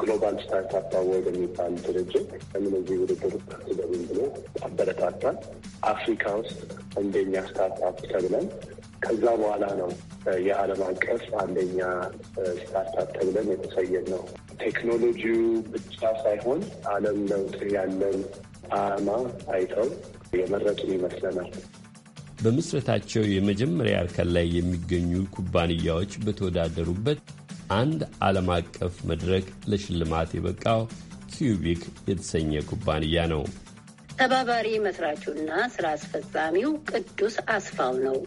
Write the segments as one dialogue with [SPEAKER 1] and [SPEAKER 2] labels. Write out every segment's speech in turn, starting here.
[SPEAKER 1] ግሎባል ስታርታፕ አዋርድ የሚባል ድርጅት እነዚህ ውድድር ስገቡን ብሎ አበረታታል። አፍሪካ ውስጥ አንደኛ ስታርታፕ ተብለን ከዛ በኋላ ነው የዓለም አቀፍ አንደኛ ስታርታፕ ተብለን የተሰየድ ነው። ቴክኖሎጂው ብቻ ሳይሆን ዓለም ለውጥ ያለን አማ አይተው የመረጡን ይመስለናል።
[SPEAKER 2] በምስረታቸው የመጀመሪያ እርከን ላይ የሚገኙ ኩባንያዎች በተወዳደሩበት አንድ ዓለም አቀፍ መድረክ ለሽልማት የበቃው ኪዩቢክ የተሰኘ ኩባንያ ነው።
[SPEAKER 3] ተባባሪ መስራቹና ስራ አስፈጻሚው ቅዱስ አስፋው ነው።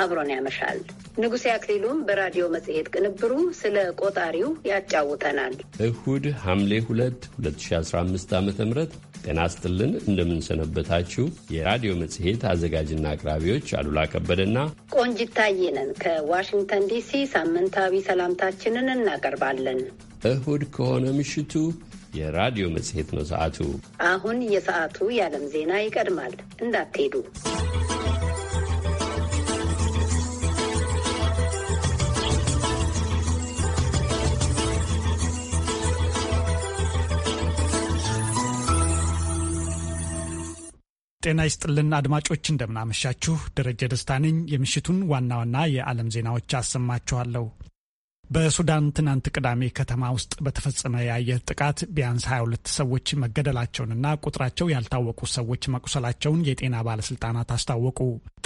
[SPEAKER 3] አብሮን ያመሻል። ንጉሴ አክሊሉም በራዲዮ መጽሔት ቅንብሩ ስለ ቆጣሪው ያጫውተናል።
[SPEAKER 2] እሁድ ሐምሌ 2 2015 ዓ ም ጤና ስጥልን እንደምንሰነበታችሁ የራዲዮ መጽሔት አዘጋጅና አቅራቢዎች አሉላ ከበደና
[SPEAKER 3] ቆንጂት ታዬ ነን። ከዋሽንግተን ዲሲ ሳምንታዊ ሰላምታችንን እናቀርባለን።
[SPEAKER 2] እሁድ ከሆነ ምሽቱ የራዲዮ መጽሔት ነው ሰዓቱ።
[SPEAKER 3] አሁን የሰዓቱ የዓለም ዜና ይቀድማል፣ እንዳትሄዱ
[SPEAKER 4] ጤና ይስጥልን አድማጮች፣ እንደምናመሻችሁ። ደረጀ ደስታ ነኝ። የምሽቱን ዋና ዋና የዓለም ዜናዎች አሰማችኋለሁ። በሱዳን ትናንት ቅዳሜ ከተማ ውስጥ በተፈጸመ የአየር ጥቃት ቢያንስ 22 ሰዎች መገደላቸውንና ቁጥራቸው ያልታወቁ ሰዎች መቁሰላቸውን የጤና ባለስልጣናት አስታወቁ።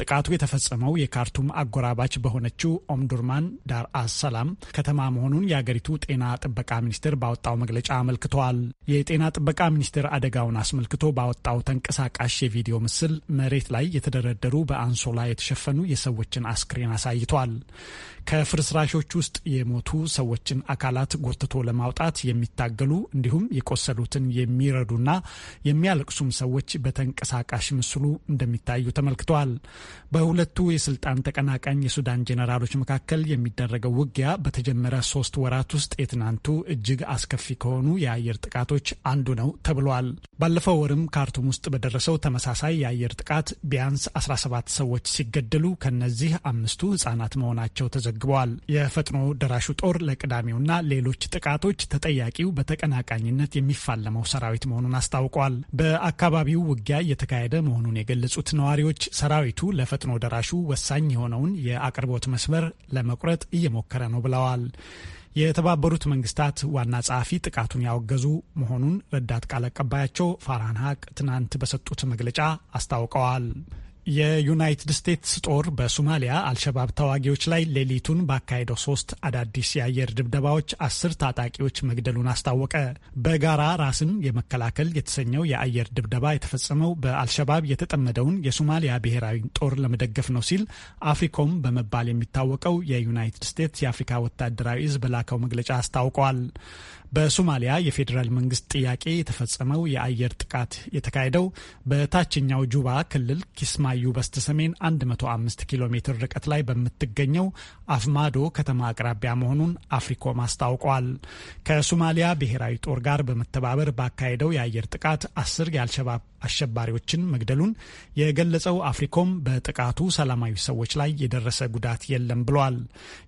[SPEAKER 4] ጥቃቱ የተፈጸመው የካርቱም አጎራባች በሆነችው ኦምዱርማን ዳር አሰላም ከተማ መሆኑን የአገሪቱ ጤና ጥበቃ ሚኒስቴር ባወጣው መግለጫ አመልክተዋል። የጤና ጥበቃ ሚኒስቴር አደጋውን አስመልክቶ ባወጣው ተንቀሳቃሽ የቪዲዮ ምስል መሬት ላይ የተደረደሩ በአንሶላ የተሸፈኑ የሰዎችን አስክሬን አሳይቷል። ከፍርስራሾች ውስጥ የሞቱ ሰዎችን አካላት ጎትቶ ለማውጣት የሚታገሉ እንዲሁም የቆሰሉትን የሚረዱና የሚያለቅሱም ሰዎች በተንቀሳቃሽ ምስሉ እንደሚታዩ ተመልክተዋል። በሁለቱ የስልጣን ተቀናቃኝ የሱዳን ጄኔራሎች መካከል የሚደረገው ውጊያ በተጀመረ ሶስት ወራት ውስጥ የትናንቱ እጅግ አስከፊ ከሆኑ የአየር ጥቃቶች አንዱ ነው ተብሏል። ባለፈው ወርም ካርቱም ውስጥ በደረሰው ተመሳሳይ የአየር ጥቃት ቢያንስ 17 ሰዎች ሲገደሉ ከነዚህ አምስቱ ህጻናት መሆናቸው ተዘግበዋል። የፈጥኖ ደራ አጋሹ ጦር ለቅዳሜውና ሌሎች ጥቃቶች ተጠያቂው በተቀናቃኝነት የሚፋለመው ሰራዊት መሆኑን አስታውቋል። በአካባቢው ውጊያ እየተካሄደ መሆኑን የገለጹት ነዋሪዎች ሰራዊቱ ለፈጥኖ ደራሹ ወሳኝ የሆነውን የአቅርቦት መስመር ለመቁረጥ እየሞከረ ነው ብለዋል። የተባበሩት መንግስታት ዋና ጸሐፊ ጥቃቱን ያወገዙ መሆኑን ረዳት ቃል አቀባያቸው ፋርሃን ሀቅ ትናንት በሰጡት መግለጫ አስታውቀዋል። የዩናይትድ ስቴትስ ጦር በሶማሊያ አልሸባብ ተዋጊዎች ላይ ሌሊቱን ባካሄደው ሶስት አዳዲስ የአየር ድብደባዎች አስር ታጣቂዎች መግደሉን አስታወቀ። በጋራ ራስን የመከላከል የተሰኘው የአየር ድብደባ የተፈጸመው በአልሸባብ የተጠመደውን የሶማሊያ ብሔራዊ ጦር ለመደገፍ ነው ሲል አፍሪኮም በመባል የሚታወቀው የዩናይትድ ስቴትስ የአፍሪካ ወታደራዊ እዝ በላከው መግለጫ አስታውቋል። በሶማሊያ የፌዴራል መንግስት ጥያቄ የተፈጸመው የአየር ጥቃት የተካሄደው በታችኛው ጁባ ክልል ኪስማ ከሰማዩ በስተሰሜን 105 ኪሎ ሜትር ርቀት ላይ በምትገኘው አፍማዶ ከተማ አቅራቢያ መሆኑን አፍሪኮም አስታውቋል። ከሶማሊያ ብሔራዊ ጦር ጋር በመተባበር ባካሄደው የአየር ጥቃት አስር የአልሸባብ አሸባሪዎችን መግደሉን የገለጸው አፍሪኮም በጥቃቱ ሰላማዊ ሰዎች ላይ የደረሰ ጉዳት የለም ብሏል።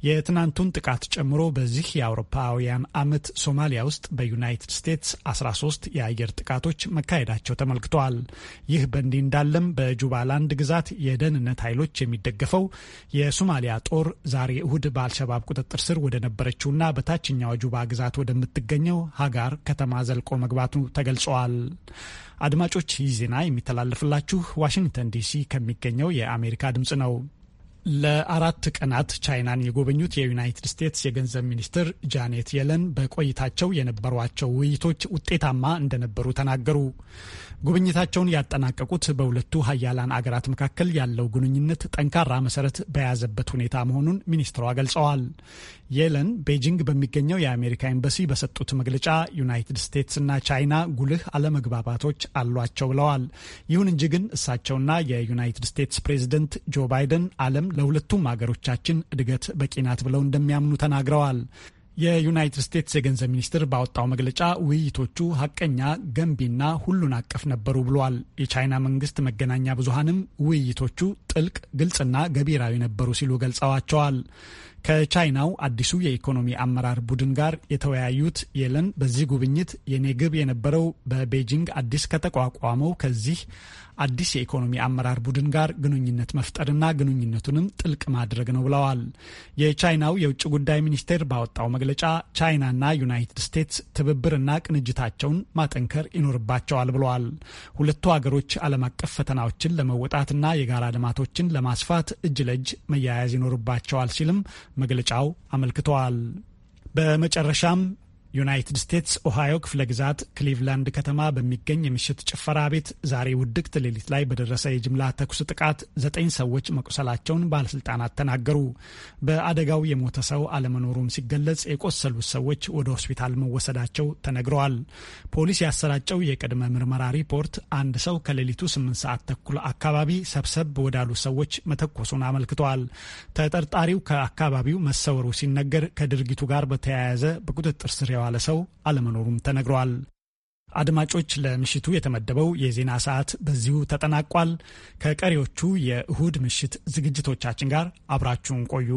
[SPEAKER 4] የትናንቱን ጥቃት ጨምሮ በዚህ የአውሮፓውያን ዓመት ሶማሊያ ውስጥ በዩናይትድ ስቴትስ 13 የአየር ጥቃቶች መካሄዳቸው ተመልክተዋል። ይህ በእንዲህ እንዳለም በጁባላንድ ግዛት የደህንነት ኃይሎች የሚደገፈው የሶማሊያ ጦር ዛሬ እሁድ በአልሸባብ ቁጥጥር ስር ወደ ነበረችውና በታችኛው ጁባ ግዛት ወደምትገኘው ሀጋር ከተማ ዘልቆ መግባቱ ተገልጸዋል። አድማጮች ይህ ዜና የሚተላለፍላችሁ ዋሽንግተን ዲሲ ከሚገኘው የአሜሪካ ድምፅ ነው። ለአራት ቀናት ቻይናን የጎበኙት የዩናይትድ ስቴትስ የገንዘብ ሚኒስትር ጃኔት የለን በቆይታቸው የነበሯቸው ውይይቶች ውጤታማ እንደነበሩ ተናገሩ። ጉብኝታቸውን ያጠናቀቁት በሁለቱ ሀያላን አገራት መካከል ያለው ግንኙነት ጠንካራ መሰረት በያዘበት ሁኔታ መሆኑን ሚኒስትሯ ገልጸዋል። የለን ቤጂንግ በሚገኘው የአሜሪካ ኤምባሲ በሰጡት መግለጫ ዩናይትድ ስቴትስና ቻይና ጉልህ አለመግባባቶች አሏቸው ብለዋል። ይሁን እንጂ ግን እሳቸውና የዩናይትድ ስቴትስ ፕሬዝደንት ጆ ባይደን ዓለም ለሁለቱም ሀገሮቻችን እድገት በቂ ናት ብለው እንደሚያምኑ ተናግረዋል። የዩናይትድ ስቴትስ የገንዘብ ሚኒስትር ባወጣው መግለጫ ውይይቶቹ ሀቀኛ፣ ገንቢና ሁሉን አቀፍ ነበሩ ብሏል። የቻይና መንግስት መገናኛ ብዙሃንም ውይይቶቹ ጥልቅ፣ ግልጽና ገቢራዊ ነበሩ ሲሉ ገልጸዋቸዋል። ከቻይናው አዲሱ የኢኮኖሚ አመራር ቡድን ጋር የተወያዩት የለን በዚህ ጉብኝት የኔ ግብ የነበረው በቤጂንግ አዲስ ከተቋቋመው ከዚህ አዲስ የኢኮኖሚ አመራር ቡድን ጋር ግንኙነት መፍጠርና ግንኙነቱንም ጥልቅ ማድረግ ነው ብለዋል። የቻይናው የውጭ ጉዳይ ሚኒስቴር ባወጣው መግለጫ ቻይናና ዩናይትድ ስቴትስ ትብብርና ቅንጅታቸውን ማጠንከር ይኖርባቸዋል ብለዋል። ሁለቱ ሀገሮች ዓለም አቀፍ ፈተናዎችን ለመወጣትና የጋራ ልማቶችን ለማስፋት እጅ ለእጅ መያያዝ ይኖርባቸዋል ሲልም መግለጫው አመልክተዋል። በመጨረሻም ዩናይትድ ስቴትስ ኦሃዮ ክፍለ ግዛት ክሊቭላንድ ከተማ በሚገኝ የምሽት ጭፈራ ቤት ዛሬ ውድቅት ሌሊት ላይ በደረሰ የጅምላ ተኩስ ጥቃት ዘጠኝ ሰዎች መቁሰላቸውን ባለስልጣናት ተናገሩ። በአደጋው የሞተ ሰው አለመኖሩም ሲገለጽ፣ የቆሰሉት ሰዎች ወደ ሆስፒታል መወሰዳቸው ተነግረዋል። ፖሊስ ያሰራጨው የቅድመ ምርመራ ሪፖርት አንድ ሰው ከሌሊቱ ስምንት ሰዓት ተኩል አካባቢ ሰብሰብ ወዳሉ ሰዎች መተኮሱን አመልክተዋል። ተጠርጣሪው ከአካባቢው መሰወሩ ሲነገር ከድርጊቱ ጋር በተያያዘ በቁጥጥር ስር የተባለ ሰው አለመኖሩም ተነግሯል። አድማጮች፣ ለምሽቱ የተመደበው የዜና ሰዓት በዚሁ ተጠናቋል። ከቀሪዎቹ የእሁድ ምሽት ዝግጅቶቻችን ጋር አብራችሁን ቆዩ።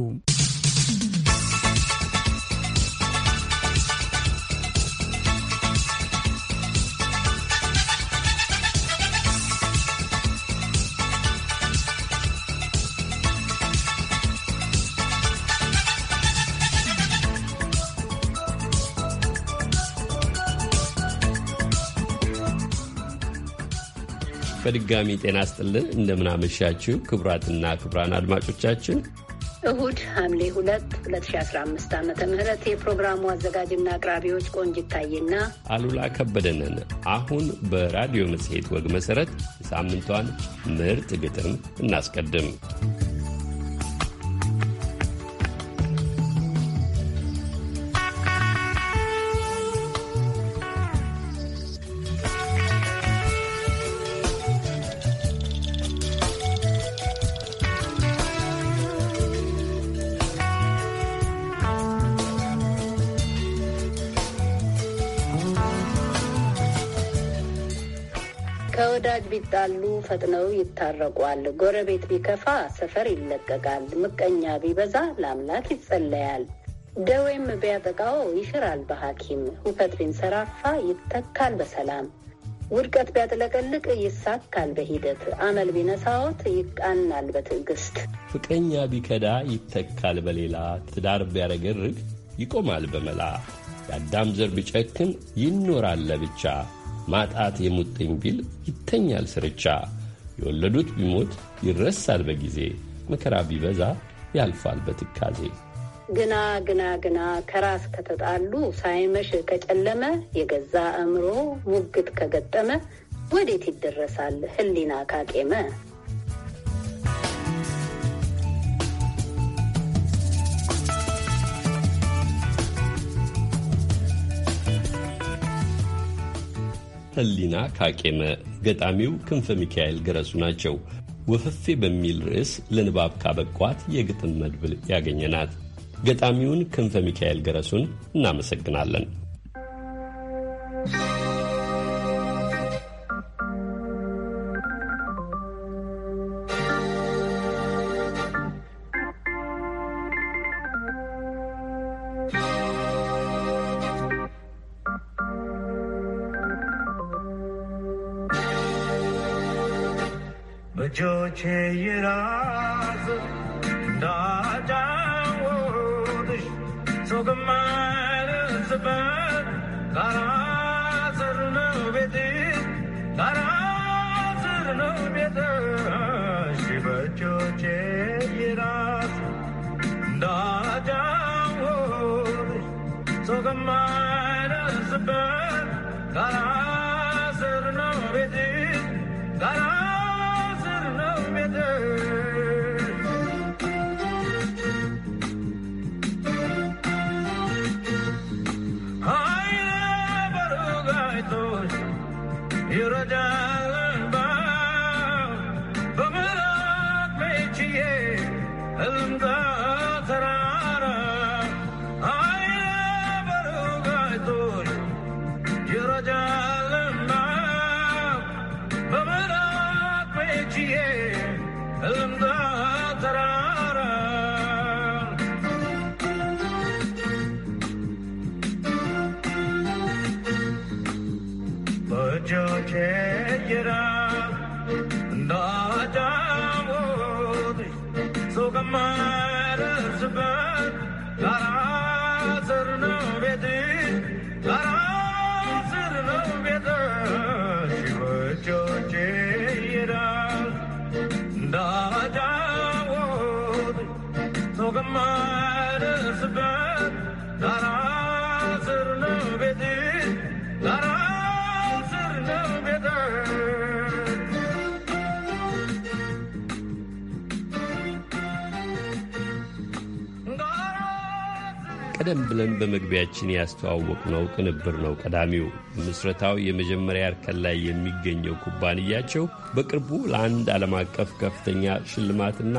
[SPEAKER 2] በድጋሚ ጤና ስጥልን እንደምናመሻችው ክቡራትና ክቡራን አድማጮቻችን
[SPEAKER 3] እሁድ ሐምሌ ሁለት 2015 ዓ ም የፕሮግራሙ አዘጋጅና አቅራቢዎች ቆንጅ ይታይና
[SPEAKER 2] አሉላ ከበደንን። አሁን በራዲዮ መጽሔት ወግ መሠረት የሳምንቷን ምርጥ ግጥም እናስቀድም።
[SPEAKER 3] ይወዳሉ፣ ፈጥነው ይታረቋል። ጎረቤት ቢከፋ ሰፈር ይለቀቃል። ምቀኛ ቢበዛ ለአምላክ ይጸለያል። ደዌም ቢያጠቃው ይሽራል በሐኪም። ሁከት ቢንሰራፋ ይተካል በሰላም። ውድቀት ቢያጥለቀልቅ ይሳካል በሂደት። አመል ቢነሳዎት ይቃናል በትዕግስት።
[SPEAKER 2] ፍቅረኛ ቢከዳ ይተካል በሌላ። ትዳር ቢያረገርግ ይቆማል በመላ። የአዳም ዘር ቢጨክን ይኖራል ለብቻ። ማጣት የሙጥኝ ቢል ይተኛል ስርቻ። የወለዱት ቢሞት ይረሳል በጊዜ መከራ ቢበዛ ያልፋል በትካዜ።
[SPEAKER 3] ግና ግና ግና ከራስ ከተጣሉ ሳይመሽ ከጨለመ የገዛ አእምሮ ሙግት ከገጠመ ወዴት ይደረሳል ህሊና ካቄመ።
[SPEAKER 2] ህሊና ካቄመ ገጣሚው ክንፈ ሚካኤል ገረሱ ናቸው። ወፈፌ በሚል ርዕስ ለንባብ ካበቋት የግጥም መድብል ያገኘናት ገጣሚውን ክንፈ ሚካኤል ገረሱን እናመሰግናለን።
[SPEAKER 5] तुझो छे ये राज 다다오듯 소금만 쓰바 가라스르는 베디 가라스르는 베디 시버초 제이라스 다다오듯 소금만 쓰바 가라스르는 베디
[SPEAKER 2] ቀደም ብለን በመግቢያችን ያስተዋወቅነው ቅንብር ነው ቀዳሚው። ምስረታው የመጀመሪያ እርከን ላይ የሚገኘው ኩባንያቸው በቅርቡ ለአንድ ዓለም አቀፍ ከፍተኛ ሽልማትና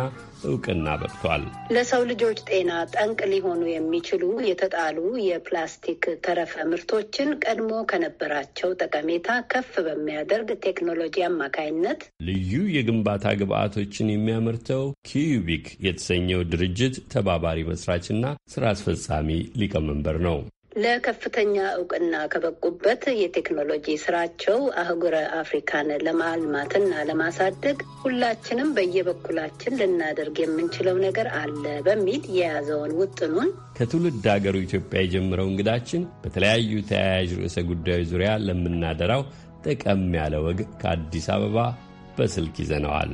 [SPEAKER 2] እውቅና በቅቷል።
[SPEAKER 3] ለሰው ልጆች ጤና ጠንቅ ሊሆኑ የሚችሉ የተጣሉ የፕላስቲክ ተረፈ ምርቶችን ቀድሞ ከነበራቸው ጠቀሜታ ከፍ በሚያደርግ ቴክኖሎጂ አማካይነት
[SPEAKER 2] ልዩ የግንባታ ግብዓቶችን የሚያመርተው ኪዩቢክ የተሰኘው ድርጅት ተባባሪ መስራችና ስራ አስፈጻሚ ሊቀመንበር ነው።
[SPEAKER 3] ለከፍተኛ እውቅና ከበቁበት የቴክኖሎጂ ስራቸው አህጉረ አፍሪካን ለማልማትና ለማሳደግ ሁላችንም በየበኩላችን ልናደርግ የምንችለው ነገር አለ በሚል የያዘውን ውጥኑን
[SPEAKER 2] ከትውልድ ሀገሩ ኢትዮጵያ የጀመረው እንግዳችን በተለያዩ ተያያዥ ርዕሰ ጉዳዮች ዙሪያ ለምናደራው ጠቀም ያለ ወግ ከአዲስ አበባ በስልክ ይዘነዋል።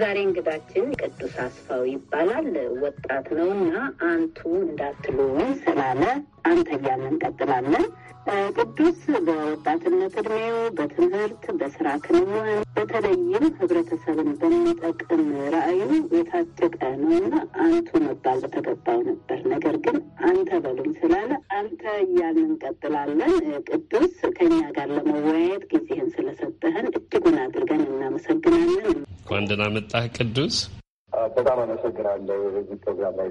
[SPEAKER 3] የዛሬ እንግዳችን ቅዱስ አስፋው ይባላል። ወጣት ነው እና አንቱ እንዳትሉን ስላለ አንተ እያልን እንቀጥላለን። ቅዱስ በወጣትነት እድሜው በትምህርት በስራ ክንውን፣ በተለይም ህብረተሰብን በሚጠቅም ራዕዩ የታጨቀ ነው እና አንቱ መባል በተገባው ነበር። ነገር ግን አንተ በሉኝ ስላለ አንተ እያልን እንቀጥላለን። ቅዱስ ከኛ ጋር ለመወያየት
[SPEAKER 1] ጊዜህን ስለሰጠህን እጅጉን አድርገን እናመሰግናለን።
[SPEAKER 2] እንኳን ደህና መጣህ ቅዱስ። በጣም አመሰግናለሁ በዚህ ፕሮግራም ላይ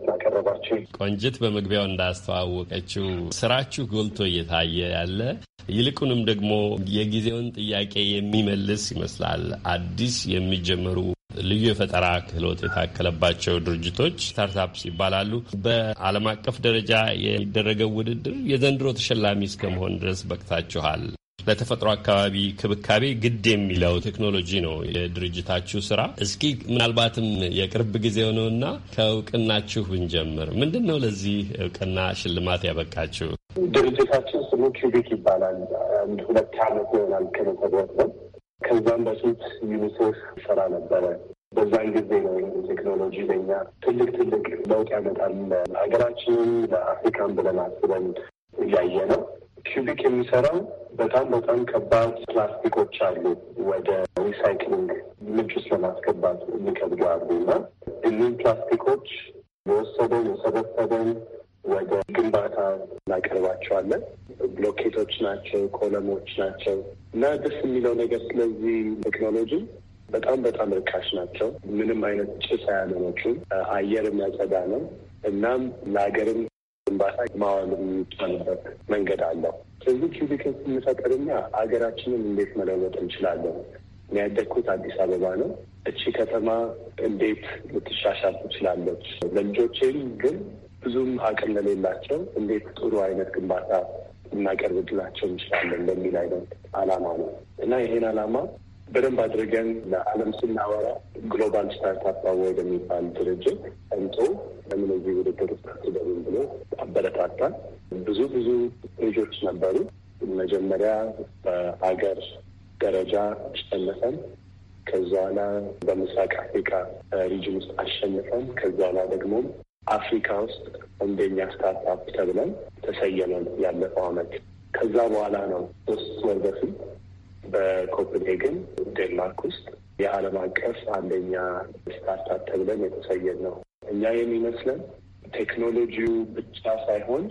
[SPEAKER 2] ስላቀረባችሁ። ቆንጅት በመግቢያው እንዳስተዋወቀችው ስራችሁ ጎልቶ እየታየ ያለ ይልቁንም ደግሞ የጊዜውን ጥያቄ የሚመልስ ይመስላል። አዲስ የሚጀመሩ ልዩ የፈጠራ ክህሎት የታከለባቸው ድርጅቶች ስታርታፕስ ይባላሉ። በዓለም አቀፍ ደረጃ የሚደረገው ውድድር የዘንድሮ ተሸላሚ እስከመሆን ድረስ በቅታችኋል። ለተፈጥሮ አካባቢ ክብካቤ ግድ የሚለው ቴክኖሎጂ ነው የድርጅታችሁ ስራ። እስኪ ምናልባትም የቅርብ ጊዜው ነውና ከእውቅናችሁ ብንጀምር፣ ምንድን ነው ለዚህ እውቅና ሽልማት ያበቃችሁ?
[SPEAKER 1] ድርጅታችን ስሙ ኪቢክ ይባላል። አንድ ሁለት ዓመት ይሆናል ከመሰረት ከዛም በፊት ዩኒሴፍ ስራ ነበረ። በዛን ጊዜ ነው ይህ ቴክኖሎጂ ለኛ ትልቅ ትልቅ ለውጥ ያመጣል፣ ሀገራችንም ለአፍሪካን ብለን አስበን እያየ ነው ኪውቢክ የሚሰራው በጣም በጣም ከባድ ፕላስቲኮች አሉ ወደ ሪሳይክሊንግ ምንጭ ውስጥ ለማስገባት የሚከብዱ አሉ እና እኒህ ፕላስቲኮች የወሰደን የሰበሰበን ወደ ግንባታ እናቀርባቸዋለን። ብሎኬቶች ናቸው፣ ኮለሞች ናቸው እና ደስ የሚለው ነገር ስለዚህ ቴክኖሎጂ በጣም በጣም ርካሽ ናቸው። ምንም አይነት ጭስ አያመነጩም። አየር የሚያጸዳ ነው። እናም ለሀገርም ግንባታ ማዋል የሚቻልበት መንገድ አለው። ስለዚህ ኪቢክን ስንፈጥርና ሀገራችንን እንዴት መለወጥ እንችላለን? የሚያደግኩት አዲስ አበባ ነው። እቺ ከተማ እንዴት ልትሻሻል ትችላለች? ለልጆቼም ግን ብዙም አቅም ለሌላቸው እንዴት ጥሩ አይነት ግንባታ እናቀርብላቸው እንችላለን በሚል አይነት አላማ ነው እና ይሄን አላማ በደንብ አድርገን ለዓለም ስናወራ ግሎባል ስታርታፕ አዋርድ የሚባል ድርጅት ጠንቶ ለምን እዚህ ውድድር ውስጥ አትገቡም ብሎ አበረታታል። ብዙ ብዙ ልጆች ነበሩ። መጀመሪያ በአገር ደረጃ አሸንፈን ከዛ በኋላ በምስራቅ አፍሪካ ሪጅን ውስጥ አሸንፈን ከዛ በኋላ ደግሞ አፍሪካ ውስጥ እንደኛ ስታርታፕ ተብለን ተሰየመን ያለፈው አመት። ከዛ በኋላ ነው ሶስት ወር በፊት በኮፕንሄግን ዴንማርክ ውስጥ የዓለም አቀፍ አንደኛ ስታርታፕ ተብለን የተሰየን ነው። እኛ የሚመስለን ቴክኖሎጂው ብቻ ሳይሆን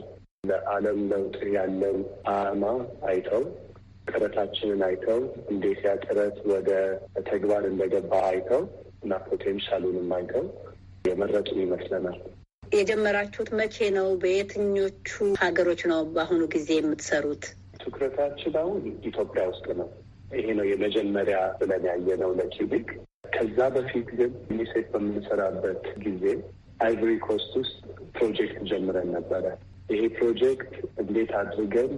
[SPEAKER 1] ለዓለም ለውጥ ያለን አማ አይተው ጥረታችንን አይተው እንዴት ያ ጥረት ወደ ተግባር እንደገባ አይተው እና ፖቴንሻሉንም አይተው የመረጡን ይመስለናል።
[SPEAKER 3] የጀመራችሁት መቼ ነው? በየትኞቹ
[SPEAKER 1] ሀገሮች ነው በአሁኑ ጊዜ የምትሰሩት? ትኩረታችን አሁን ኢትዮጵያ ውስጥ ነው። ይሄ ነው የመጀመሪያ ብለን ያየነው ለኪቢክ። ከዛ በፊት ግን ዩኒሴፍ በምንሰራበት ጊዜ አይቨሪ ኮስት ውስጥ ፕሮጀክት ጀምረን ነበረ። ይሄ ፕሮጀክት እንዴት አድርገን